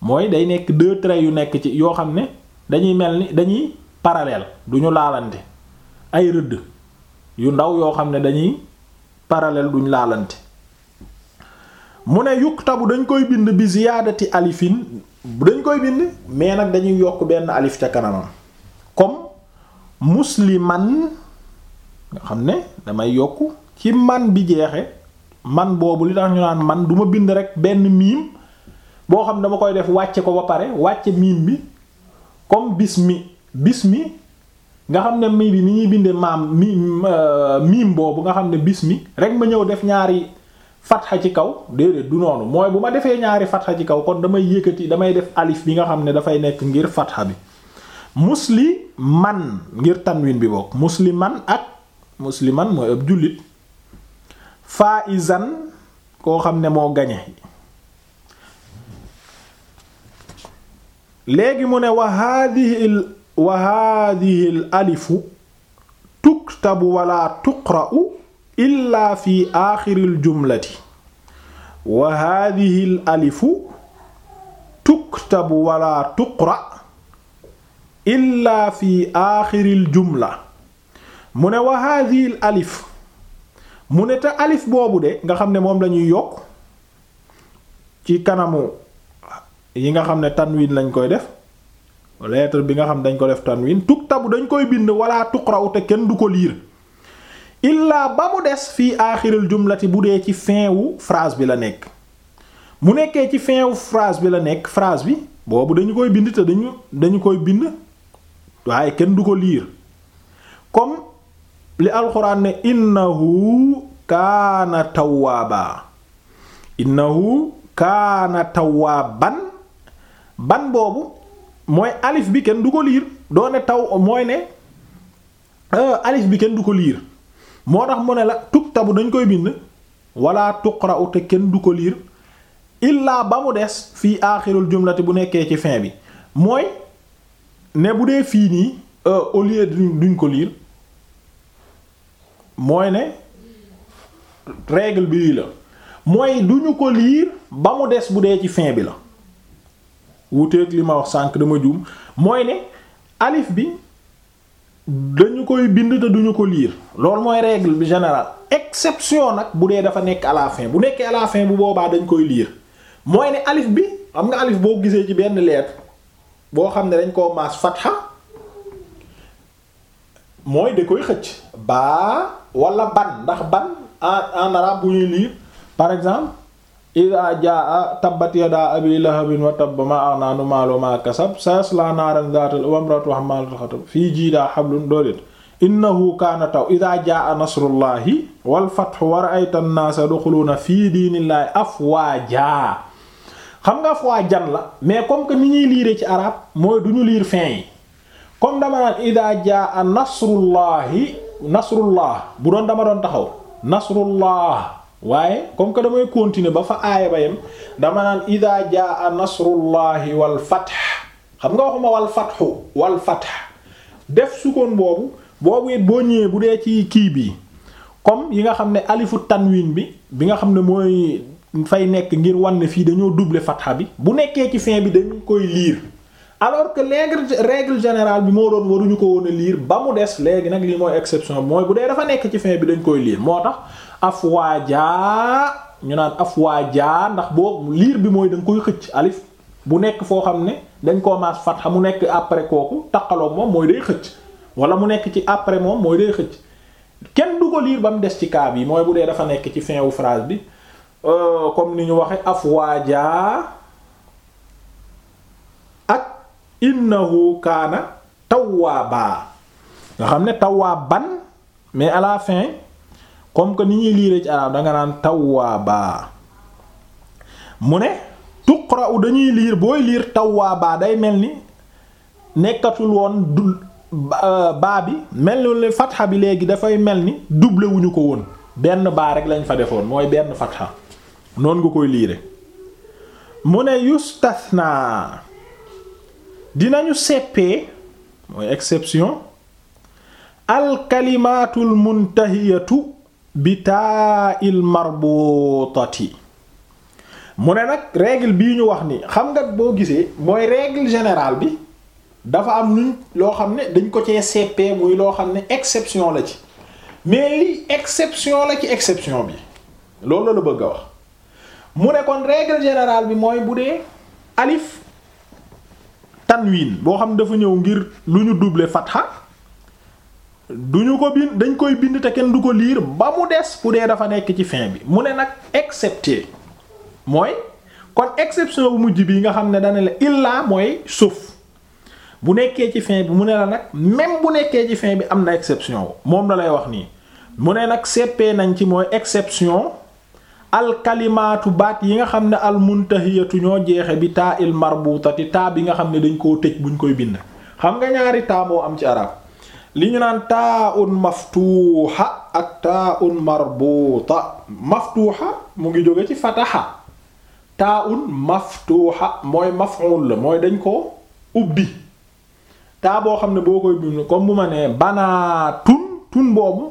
mooy day nekk deux traits yu nekk ci yoo xam ne dañuy mel ni dañuy parallèle duñu ñu laalante ay rëdd yu ndaw yoo xam ne dañuy paraleel duñ laalante mu ne yuktabu dañ koy bind bi ziyaadati alifin dañ koy bind mais nag dañuy yokk benn alif ca kanamam comme musliman nga xam ne damay yokk ci man bi jeexe man boobu li tax ñu naan man duma bind rek benn miim boo xam ne dama koy def wàcce ko ba pare wàcce miim bi comme bis mi nga xam ne mi bi ni ñuy bindee maam mi euh, miim boobu nga xam ne bis rek ma ñëw def ñaari fatxa ci kaw déedéet du noonu mooy bu ma defee ñaari fatxa ci kaw kon damay yëkkati damay def alif bi nga xam ne dafay nekk ngir fatxa bi musliman ngir tanwin bi bokk musliman ak musliman mooy ab jullit faizan koo xam ne moo gañe léegi mu ne wa haadihi wa haadihi alifu tuktabu wala tuqra'u illa fi aaxiri l jumlati alifu tuktabu wala tuqra illa fi aaxiri l jumla mu ne wa haadihi te alif boobu de nga xam ne moom lañuy yokk ci kanamu yi nga xam ne tanwin lañ koy def lettre bi nga xam dañ ko def tanwin tuktabu dañ koy bind wala tuqra'u te kenn du ko liir illaa ba mu des fii aaxiril jumlati bu dee ci fin wu phrase bi la nekk mu nekkee ci fin wu phrase bi la nekk frase bi boobu dañu koy bind te dañu koy bind waaye kenn du ko liir comme li alxuraan ne innahu kaana tawwaaba innahu kaana tawwaaban ban boobu mooy alif bi kenn du ko liir doo ne taw mooy ne euh, alif bi kenn du ko liir moo tax mu ne la tuktabu dañ koy bind wala tuqra'u te kenn du ko liir illaa ba mu des fii aaxirul jumlati bu nekkee ci fin bi mooy ne bu dee fii nii euh, au lieu duñ ko liir mooy ne règle bi la mooy duñu ko liir ba mu des bu dee ci fin bi la wuteeg li ma wax sànq dama juum mooy ne alif bi dañu koy bind te duñu ko liir loolu mooy règle bi générale exception nag bu dee dafa nekk à la bu nekkee à la fin bu boobaa dañ koy liir mooy ne alif bi am nga alif boo gisee ci benn lettre boo xam ne dañ koo maas fatha mooy da koy xëcc baa wala ban ndax ban en arabe bu ñuy liir par exemple ida jaa tabbat yada abi lahabin wa tabba ma aghnanu maalu ma kasab sayasla naaran dhaatal wa imratu hammalatal hatab fii jiida hablun dooleet innahu kaana taw ida jaa nasrullahi wal fathu wa ra'ayta an-naasa yadkhuluuna fii diinillahi afwaajaa xam nga afwaajan la mais comme que ni ñuy liire ci arab mooy du ñu liir fin yi comme dama naan ida jaa nasrullahi nasrullah bu doon dama doon taxaw nasrullah waaye comme que damay continuer ba fa aaya ba yem dama naan ida jaa nasrullahi wal fath xam nga waxuma wal fathu wal fath def sukkoon boobu boobu it boo ñëwee bu dee ci kii bi comme yi nga xam ne alifu tanwin bi bi nga xam ne mooy fay nekk ngir wan ne fii dañoo doubler fatha bi bu nekkee ci fin bi dañu koy liir alors que léegi règle générale bi moo doon waruñu ko woon a liir ba mu des léegi nag lii mooy exception mooy bu dee dafa nekk ci fin bi dañ koy liir moo tax afwaajaa ñu naan afwaajaa ndax boo liir bi mooy da koy xëcc alif bu nekk foo xam ne dañ koo maas fatxa mu nekk après kooku taqaloo moom mooy day xëcc wala mu nekk ci après moom mooy day xëcc kenn du ko liir ba mu des ci kaab yi mooy bu dee dafa nekk ci fin wu phrase bi euh, comme ni ñu waxe afwaajaa ak innahu kaana tawwaabaa nga xam ne ban mais à fin comme que ni ñuy liire ci arab da nga naan tawwaaba mu ne tuqra'u dañuy liir booy liir baa day mel ni nekkatul woon du euh, baa bi mel ni fatxa bi léegi dafay mel ni dublewuñu ko woon benn baa rek lañ fa defoon mooy benn fatxa noonu nga koy liire mu ne yustasna dinañu seppee mooy exception alkalimaatul muntahiyatu bi taa il marbutati mu ne nag règle bii ñu wax ni xam nga boo gisee mooy règle générale bi dafa am luñ loo xam ne dañ ko cee seppee muy loo xam ne exception la ci mais li exception la ci exception bi loolu la bëgg a wax mu ne kon règle générale bi mooy bu dee alif tanwin boo xam ne dafa ñëw ngir lu ñu fat xa duñu ko bind dañ koy bind te kenn du ko liir ba mu des bu dee dafa nekk ci fin bi mu ne nag excepté mooy kon exception bu mujj bi nga xam ne dana la illa mooy suuf bu nekkee ci fin bi mu ne la nag même bu nekkee ci fin bi am na exception moom la lay wax nii mu ne nag seppee nañ ci mooy exception alkalimaatu baat yi nga xam ne almuntahiyatu ñoo jeexe bi taa il marbutati taa bi nga xam ne dañ koo tëj buñ koy bind xam nga ñaari taa moo am ci arab li ñu naan taa un maftuuxa ak taa un marbuuta maftuuxa mu ngi jóge ci fataxa taa un maftuuxa mooy maf'ul la mooy dañ ko ubbi taa boo xam ne boo koy bind comme bu ma nee banaa tun tun boobu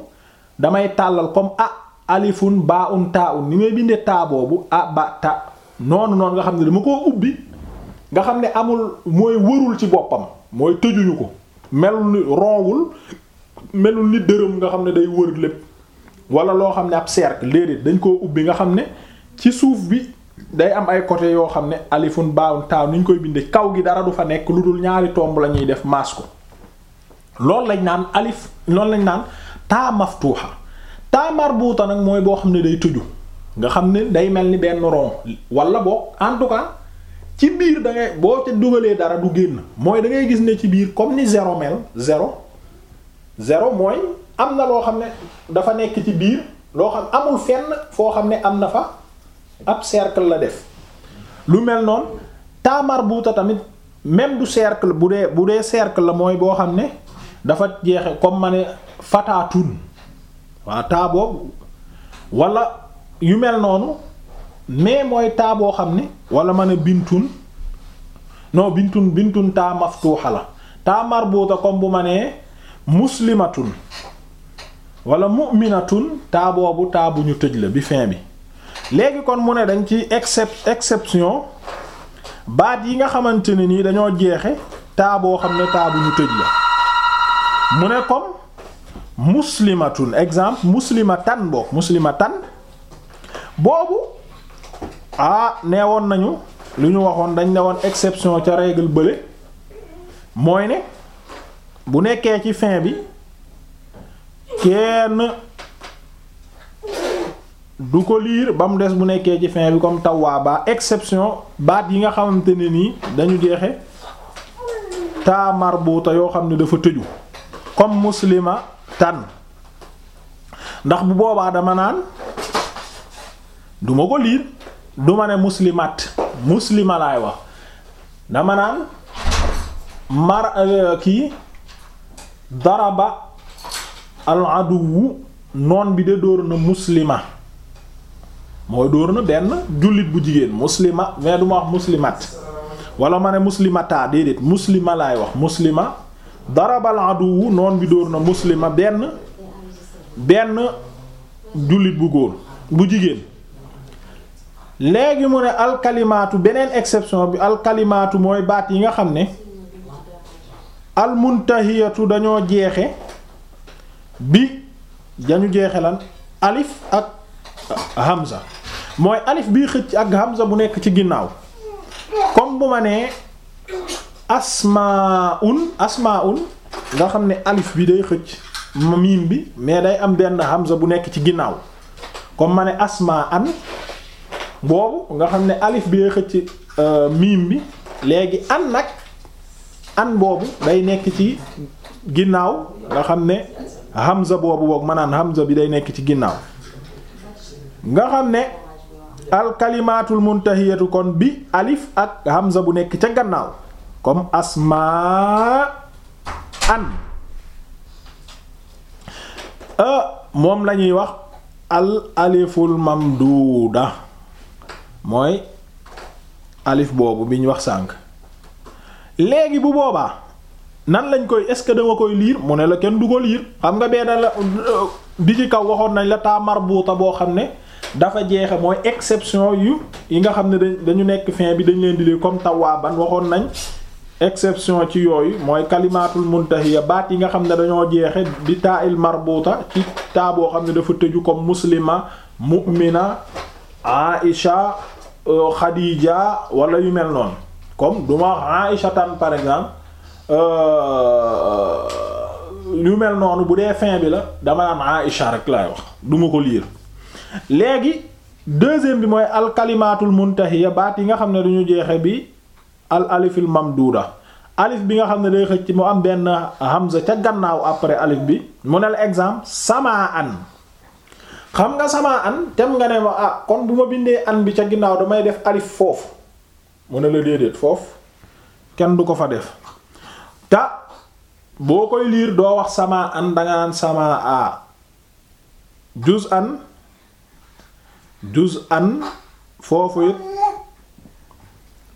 damay tàllal comme a alifun baa un taa un ni may bindee taa boobu a ba ta noonu noonu nga xam ne dama koo ubbi nga xam ne amul mooy wërul ci boppam mooy tëjuñu ko melul ni rongul melul ni dërëm nga xam ne day wër lépp wala loo xam ne ab cercle déedéet dañ koo ubbi nga xam ne ci suuf bi day am ay côté yoo xam ne alifun baawun taaw ni koy bindee kaw gi dara fa nekk lu dul ñaari tomb la ñuy def maas loolu lañ naan alif loolu lañ naan taa maftuuxa taa marbuuta nag mooy boo xam ne day tuju nga xam ne day mel ni benn rond walla boo en tout cas ci biir da boo te dugalee dara du génn mooy dangay gis ne ci biir comme ni zéro mel zéro zéro mooy am na loo xam ne dafa nekk ci biir loo xam amul fenn foo xam ne am na fa ab cercle la def lu mel noonu taa marbuuta tamit même du cercle bu dee bu dee cercle la mooy boo xam ne dafa jeexe comme ma ne fataatun waa taa boobu wala yu mel noonu mais mooy taa xam ne wala ma ne bintun non bintun bintun taa maftuuxa la taa marbuuta comme bu ma nee muslimatun wala mu'minatun taa boobu taa bu ñu tëj la bi fin bi léegi kon mu ne dañ ci except exception baat yi nga xamante ne nii dañoo jeexe taa boo xam ne taa bu tëj mu ne comme muslimatun exemple muslimatan boog muslimatan boobu ah neewoon nañu lu ñu waxoon dañ ne woon exception ca règle bële mooy ne bu nekkee ci fin bi kenn du ko liir ba mu des bu nekkee ci fin bi comme tawaa ba exception baat yi nga xamante ne nii dañu jeexe taa buuta yoo xam ne dafa tëju comme muslima tànn ndax bu boobaa dama naan duma ko liir du ma ne muslimat muslima laay wax dama naan mar euh, kii daraba al aduwu noon bi de dóor na muslima mooy dóor na benn jullit bu jigéen muslima mais du ma wax muslimat wala ma ne muslimata déedéet muslima laay wax muslima darabal aduwu noon bi dóor na muslima benn benn jullit bu góor bu jigéen léegi mu ne alkalimaatu beneen exception bi alkalimaatu mooy baat yi nga xam ne almuntahiyatu dañoo jeexe bi dañu jeexe lan alif ak hamza mooy alif bii xëcc ak hamza bu nekk ci ginnaaw comme bu ma nee asmaun asmaun nga xam ne alif bi day xëcc miim bi mais day am benn hamza bu nekk ci ginnaaw comme ma ne asmaan boobu nga xam ne alif bi xëcc euh, miim bi léegi an nag an boobu day nekk ci ginnaaw nga xam ne hamza boobu boog ma naan hamza bi day nekk ci ginnaaw nga xam ne alkalimaatul muntahiyatu kon bi alif ak hamza bu nekk ca gannaaw comme asmaa an euh, moom lañuy wax al aliful mamduuda mooy alif boobu bi ñu wax sànk léegi bu boobaa nan lañ koy est-ce que da koy liir mu ne la kenn du ko liir xam nga benn la euh, bi ci kaw waxoon nañ la taa marbuuta boo xam ne dafa jeexe mooy exception yu yi nga xam ne dañu nekk fin bi dañu leen di liir comme tawaaban waxoon nañ exception ci yooyu mooy kalimaatul muntahiya baat yi nga xam ne dañoo jeexe di taa il marbuuta ci taa boo xam ne dafa tëju comme muslima mu'mina aisha Euh, Khadija wala yu mel noonu comme duma ma wax Aïcha tan par exemple euh, yu mel noonu bu dee fin bi la dama am Aïcha rek laay wax duma ko liir léegi deuxième bi mooy alkalimaatul muntahiya baat yi nga xam ne duñu jeexe bi al alifil mamduuda alif bi nga xam ne day xëcc mu am benn hamza ca gannaaw après alif bi mu ne la sama an xam nga sama an tem nga ne ma ah kon bu ma bindee an bi ca ginnaaw damay def alif foofu mu ne la déedéet foofu kenn du ko fa def ta boo koy liir doo wax sama an danga sama a juz an juz an foofu it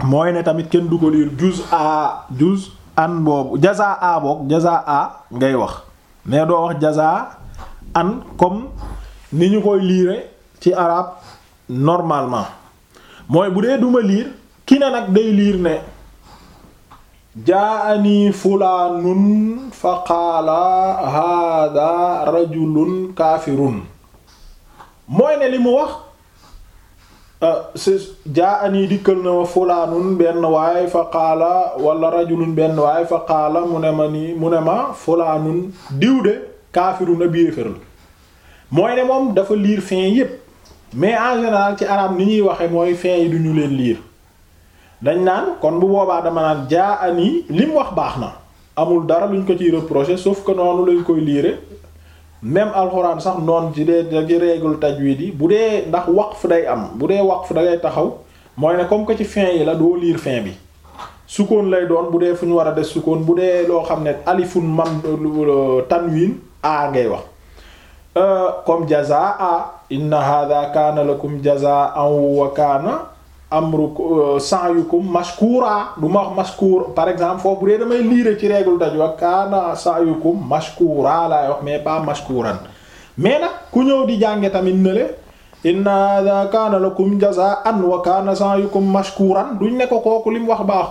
mooy ne tamit kenn du ko liir juz a juz an boobu jaza a boog jaza a ngay wax mais doo wax jaza an comme ni ñu koy liire ci arab normalement mooy bu dee duma liir ki ne nag day liir ne jaani fulaanun fa qaala hada rajulun kaafirun mooy ne li mu wax euh, si jaani dikkal na ma fulaanun benn waay fa qaala wala rajulun benn waay fa qaala mu ne ma nii mu ne ma fulaanun diw de kaafirun ab yéefér la mooy ne moom dafa liir fin yépp mais en général ci arab ni ñuy waxe mooy fin yi du ñu leen liir dañ naan kon bu boobaa dama naan jaa ani li mu wax baax na amul dara luñ ko ciy reprocher sauf ko noonu lañ koy liire même alxuraan sax noonu ci dee ci règle tajwid di bu dee ndax waq fu day am bu dee waqf fu ngay taxaw mooy ne comme que ci fin yi la doo liir fin bi sukkoon lay doon bu dee fu ñu war a des sukkoon bu dee loo xam ne alifun man tanwin aa ngay wax Euh, comme jazaa inna hadha kaana lakum jazaan wa kaana amrukum euh, sa'yukum mashkura du ma wax mashkur par exemple foofu bu dee damay liire ci règle daj wa kaana sa'yukum mashkura laay wax mais pas mashkuran mais na ku ñëw di jànge tamit nële inna hadha kaana lakum jazaan wa kaana sa'yukum mashkuran duñ ne ko kooku li mu wax baax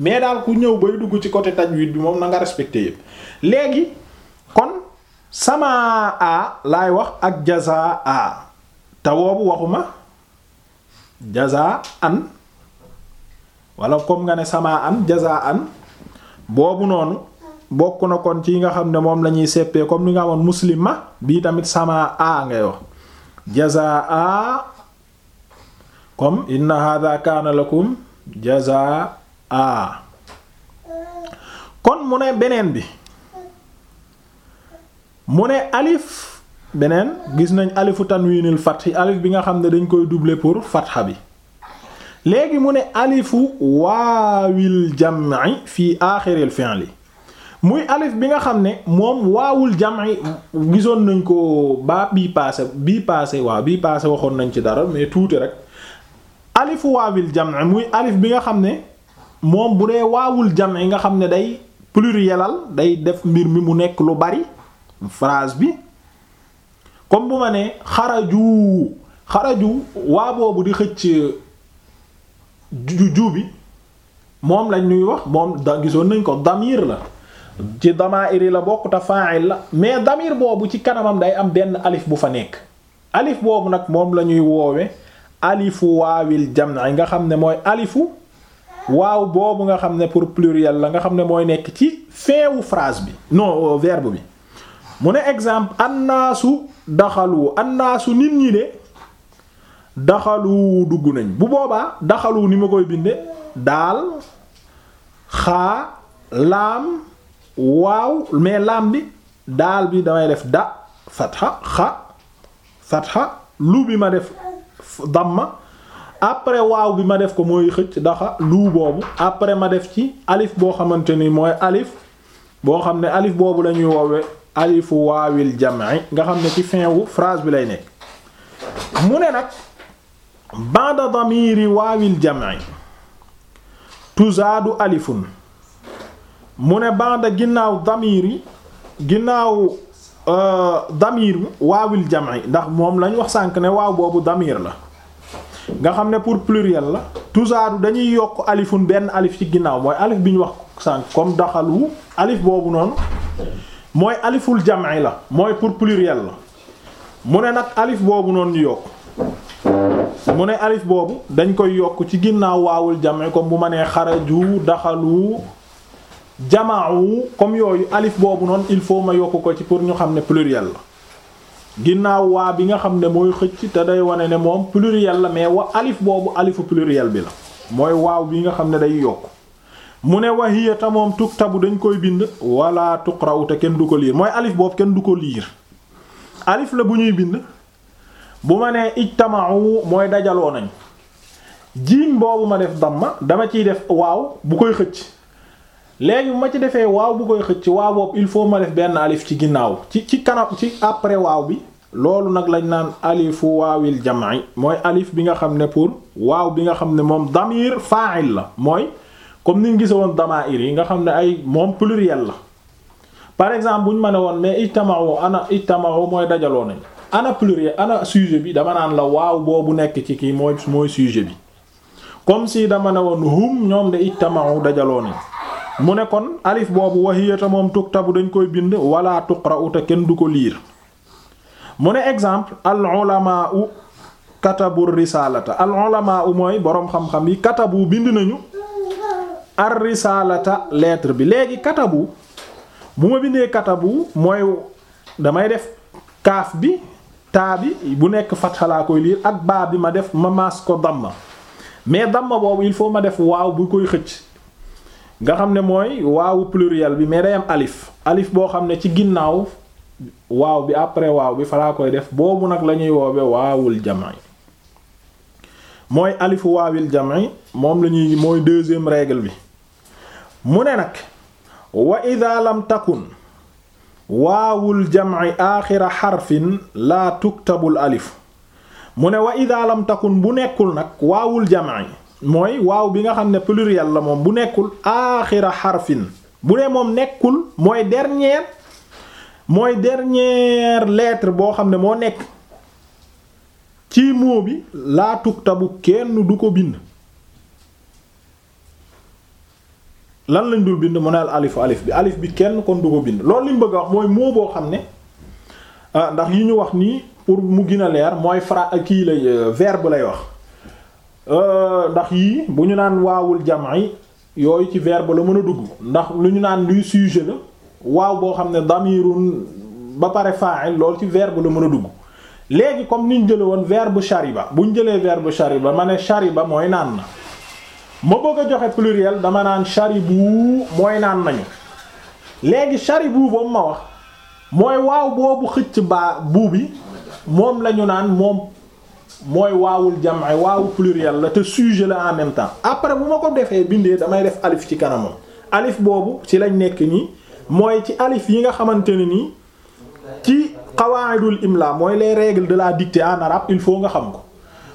mais daal ku ñëw bay dugg ci côté tajwid bi moom na nga respecté yëpp léegi kon sama a laay wax ak jaza a te woobu waxuma jaza an wala comme nga ne sama an jaza an boobu noonu bokk na kon ci nga xam ne moom la ñuy seppee comme li nga xamoon ma bii tamit sama a ngay wax jaza a comme inna hadha kaana lakum jaza a kon mu ne beneen bi mu ne alif beneen gis nañ alifu tanwiinil fathi alif bi nga xam ne dañ koy doubler pour fatha bi léegi mu ne alifu waawil jam'i fii aaxiril fi'li muy alif bi nga xam ne moom waawul jam'i gisoon nañ ko ba bii paase bii paase waaw bii paase waxoon nañ ci dara mais tuuti rek alifu waawil jam'i muy alif bi nga xam ne moom bu dee waawul jam'i nga xam ne day plurielal day def mbir mi mu nekk lu bari phrase bi comme bu ma ne xaraju xaraju waa boobu di xëcc ju ju bi moom lañ ñuy wax moom da gisoon nañ ko damir la ci damairi la bokk te fa'il la mais damir boobu ci kanamam day am benn alif bu fa nekk alif boobu nag moom la ñuy woowe alifu waawil jam'i nga xam ne mooy alifu waaw boobu nga xam ne pour pluriel la nga xam ne mooy nekk ci feewu wu bi non euh, verbe bi mu ne exemple annaasu daxalu annaasu nit ñi de daxalu dugg nañ bu boobaa daxalu ni ma koy binde daal xaa laam waaw mais laam bi daal bi damay def da fatha xa fatha lu bi ma def damma après waaw bi ma def ko mooy xëcc daxa lu boobu après ma def ci alif boo xamante ni mooy alif boo xam ne alif boobu lañuy woowe alifu waawil jam'i nga xam ne ci fin wu phrase bi lay nekk mu ne nag ba'da damiri waawil jam'i tuzaadu alifun mu ne ba'da ginnaaw damiri ginnaaw euh, damir waawil jam'i ndax moom lañ wax sànq ne waaw boobu damir la nga xam ne pour pluriel la tuzaadu dañuy yokk alifun benn alif ci ginnaaw mooy alif bi ñu wax sànq comme daxalu alif boobu noonu mooy aliful jam'i la mooy pour pluriel la mu ne nag alif boobu noonu ñu yokk mu ne alif boobu dañ koy yokk ci ginnaaw waawul jam'i comme bu ma nee xaraju daxalu jama'u comme yooyu alif boobu noonu il faut ma yokk ko ci pour ñu xam ne pluriel la ginnaaw waa bi nga xam ne mooy xëcc te day wane ne moom pluriel la mais wa alif boobu alifu pluriel bi la mooy waaw bi nga xam ne day yokk mu ne wahiya ta moom tuktabu dañ koy bind wala tuqra'u te kenn du ko liir mooy alif boobu kenn du ko liir alif la bu ñuy bind bu ma nee ijtama'u mooy dajaloo nañ jiim boobu ma def damma dama ciy def waaw bu koy xëcc léegi ma ci defee waaw bu koy xëcc waaw boobu il faut ma def benn alif ci ginnaaw ci ci kanam ci après waaw bi loolu nag lañ naan alifu waawil jam'i mooy alif bi nga xam ne pour waaw bi nga xam ne moom damir fa'il la mooy comme ni ñu gise woon damaa'ir yi nga xam ne ay moom pluriel la par exemple bu ma ne woon mais ijtama'u ana ijtama'u mooy dajaloo nañ ana pluriel ana sujet bi dama naan la waaw boobu nekk ci kii mooy mooy sujet bi comme si dama ne woon hum ñoom de ijtama'u dajaloo nañ mu ne kon alif boobu wahiyata moom tuktabu dañ koy bind wala tuqra'u te kenn du ko liir mu ne exemple al ulama'u katabu risalata al ulama'u mooy boroom xam-xam yi katabu bind nañu ar risalata lettre bi léegi katabu bu ma bindee katabu mooy damay def kaaf bi taa bi bu nekk fatxa laa koy liir ak baa bi ma def ma maas ko damma mais damma boobu il faut ma def waaw bu koy xëcc nga xam ne mooy waawu pluriel bi mais day alif alif boo xam ne ci ginnaaw waaw bi après waaw bi falaa koy def boobu nag la ñuy woowe waawul jam'i mooy alifu waawil jam'i moom la ñuy mooy deuxième règle bi mu ne nag wa ida lam takun waawul jamci aaxira xarfin laa tuktabul alif mu ne wa ida lam bu nekkul nag waawul jamci mooy waaw bi nga xam ne pluriel la moom bu nekkul aaxira xarfin bu ne moom nekkul mooy dernière mooy dernière lettre boo xam ne moo nekk ci mot bi laa tuktabu kenn du ko bind lan lañ dul bind mu ne al alif bi alif bi kenn kon du ko bind loolu li bëgg a wax mooy moo boo xam ne ah, ndax yi ñu wax nii pour mu gën a leer mooy fra kii lay euh, verbe lay wax euh, ndax yii bu ñu naan waawul jam'i yooyu ci verbe la mën a dugg ndax lu ñu naan luy sujet la waaw boo xam ne damirun ba pare fa'il lool ci verbe la mën a dugg léegi comme ni ñu jëlee woon verbe shariba bu ñu jëlee verbe shariba ma ne ba mooy naan na. ma bëgg a joxe pluriel dama naan sharibu mooy naan nañu léegi sharibu boobu ma wax mooy waaw boobu xëcc baa bi moom lañu naan moom mooy waawul jam'i waawu pluriel la te sujet la en même temps après bu ma ko defee bindee damay def alif ci kanamam alif boobu ci lañ nekk nii mooy ci alif yi nga xamante ne nii ci qawaidul imla mooy les règles de la dictée en arabe il faut nga xam ko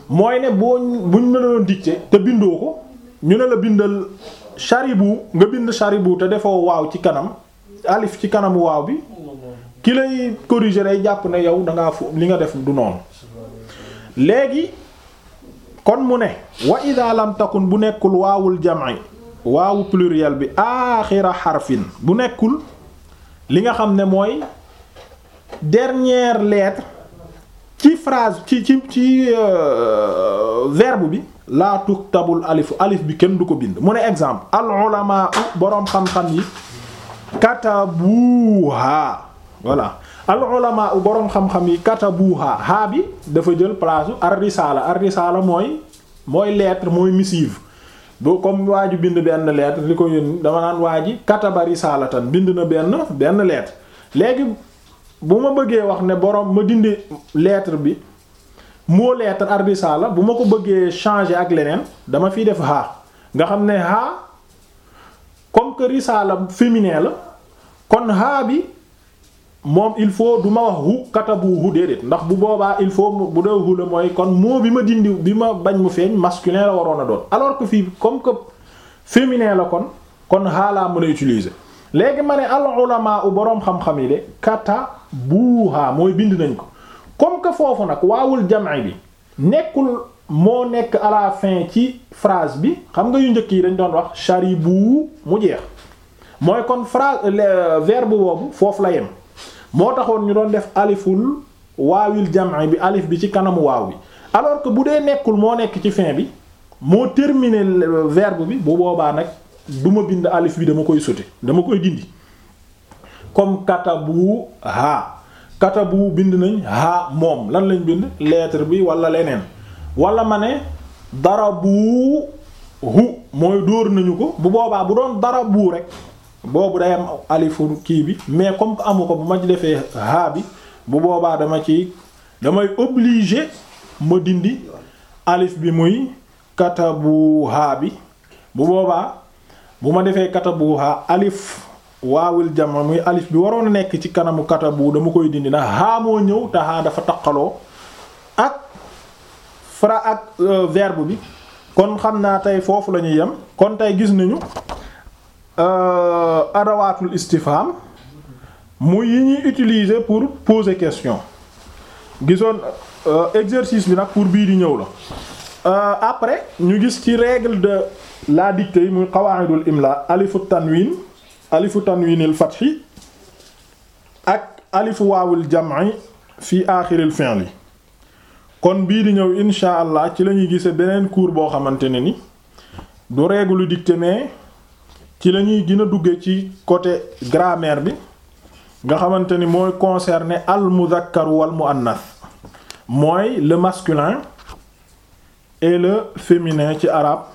mooy ne boo buñ la doon dictée te bindoo ko ñu ne la bindal sharibu nga bind sharibu te defoo waaw ci kanam alif ci kanamu waaw bi ki lay corriger jàpp ne yow da fu li nga def du noonu léegi kon mu ne wa ida lam bu nekkul waawul jam'i waawu pluriel bi aaxira xarfin bu nekkul li nga xam ne mooy dernière lettre ci frase ci ci ci euh, verbe bi laatu tabul alifu alif bi kenn du ko bind mu ne exemple al ulamaa boroom xam yi katabuha voilà al ulamaa boroom xam-xam yi katabuha haa bi dafa jël place ar risaala ar risaala mooy mooy lettre mooy missive boo comme waa ji bind benn lettre li ko yónni dama naan waa ji kataba risaalatan bind na benn benn lettre léegi bu ma bëggee wax ne boroom ma dindi lettre bi moo lettre arbisa la bu ma ko bëggee changer ak leneen dama fiy def ha nga xam ne ha comme que risaala féminin la kon ha bi moom il faut du ma wax hu katabuhu déedéet ndax bu boobaa il faut bu dee hu mooy kon moo bi ma dindi bi ma bañ mu feeñ masculin la waroon a doon alors que fii comme que féminin la kon kon ha laa mën a utiliser. léegi ma ne al ulama u boroom xam-xam yi de katabuha mooy bind nañ ko. comme que foofu nag waawul jam'i bi nekkul moo nekk à fin ci phrase bi xam nga yu njëkk yi dañ doon wax bu mu jeex mooy kon phrase euh, euh, verbe boobu foofu la yem moo taxoon ñu doon def aliful waawil jam'i bi alif bi ci kanamu waaw bi alors que bu dee nekkul moo nekk ci fin bi moo terminé euh, verbe bi bu boobaa nag duma bind alif bi dama koy sauter dama koy dindi comme bu ha katabu bind nañ ha moom lan lañ bind lettre bi wala leneen wala ma ne darabu hu mooy dóor nañu ko bu boobaa bu doon darabu rek boobu day am alifu kii bi mais comme que amu ko bu ma defee ha bi bu boobaa dama ci damay obligé ma dindi alif bi muy katabu ha bi bu boobaa bu ma defee katabu ha alif waawil jama muy alif bi waroon a nekk ci kanamu katabu dama koy dindi ndax haa ñëw te dafa taqaloo ak fra ak euh, verbe bi kon xam naa tey foofu la ñuy yem kon tey gis nañu euh, adawaatul istifham mu yi ñuy utiliser pour poser question gisoon euh, exercice bi nag pour bii di ñëw la après ñu gis ci règle de la dictée yi muy qawaidul imla alifu tanwin alifu tanwiinil fathi ak alifu waawul jam'i fi aaxiril li kon bii di ñëw insha allah ci lañuy gise beneen cours boo xamante ne ni du règle lu dictée mais ci lañuy gën a dugge ci côté grammaire bi nga xamante ni mooy concerner al muzakkar wal mooy le masculin et féminin ci arabe